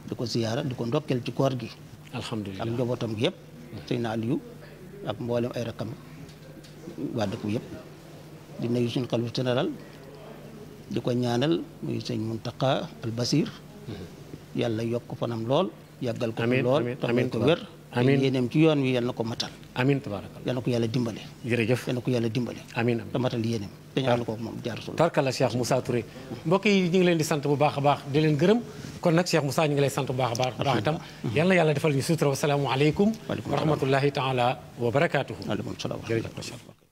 di ko siyaara di ko ndokkeel ci koor gi. alhamdulilah ak njabootam gi yëpp. sëñ na Aliou ak mboolem ay rakam waa dëkk yëpp di nuyu suñu xalifa général di ko ñaanal muy sëñ Mountakha Al Basir. Mhm. yàlla yokk fanam lool. yàggal ko lool tax ko wér. amiin ci yoon wi yal na ko matal amiin tabaaraka yal na ko yàlla dimbale jërëjëf yal na ko yàlla dimbale amiin te matal yéeneem dañu ànd yi ñu ngi leen di sant bu baax a baax di leen gërëm kon nag Cheikh Moussa ñu ngi lay bu baax a baax baax itam yal na yàlla defal ñu sutura wa salaamu aleykum wa rahmatullahi taala wa barakaatuhu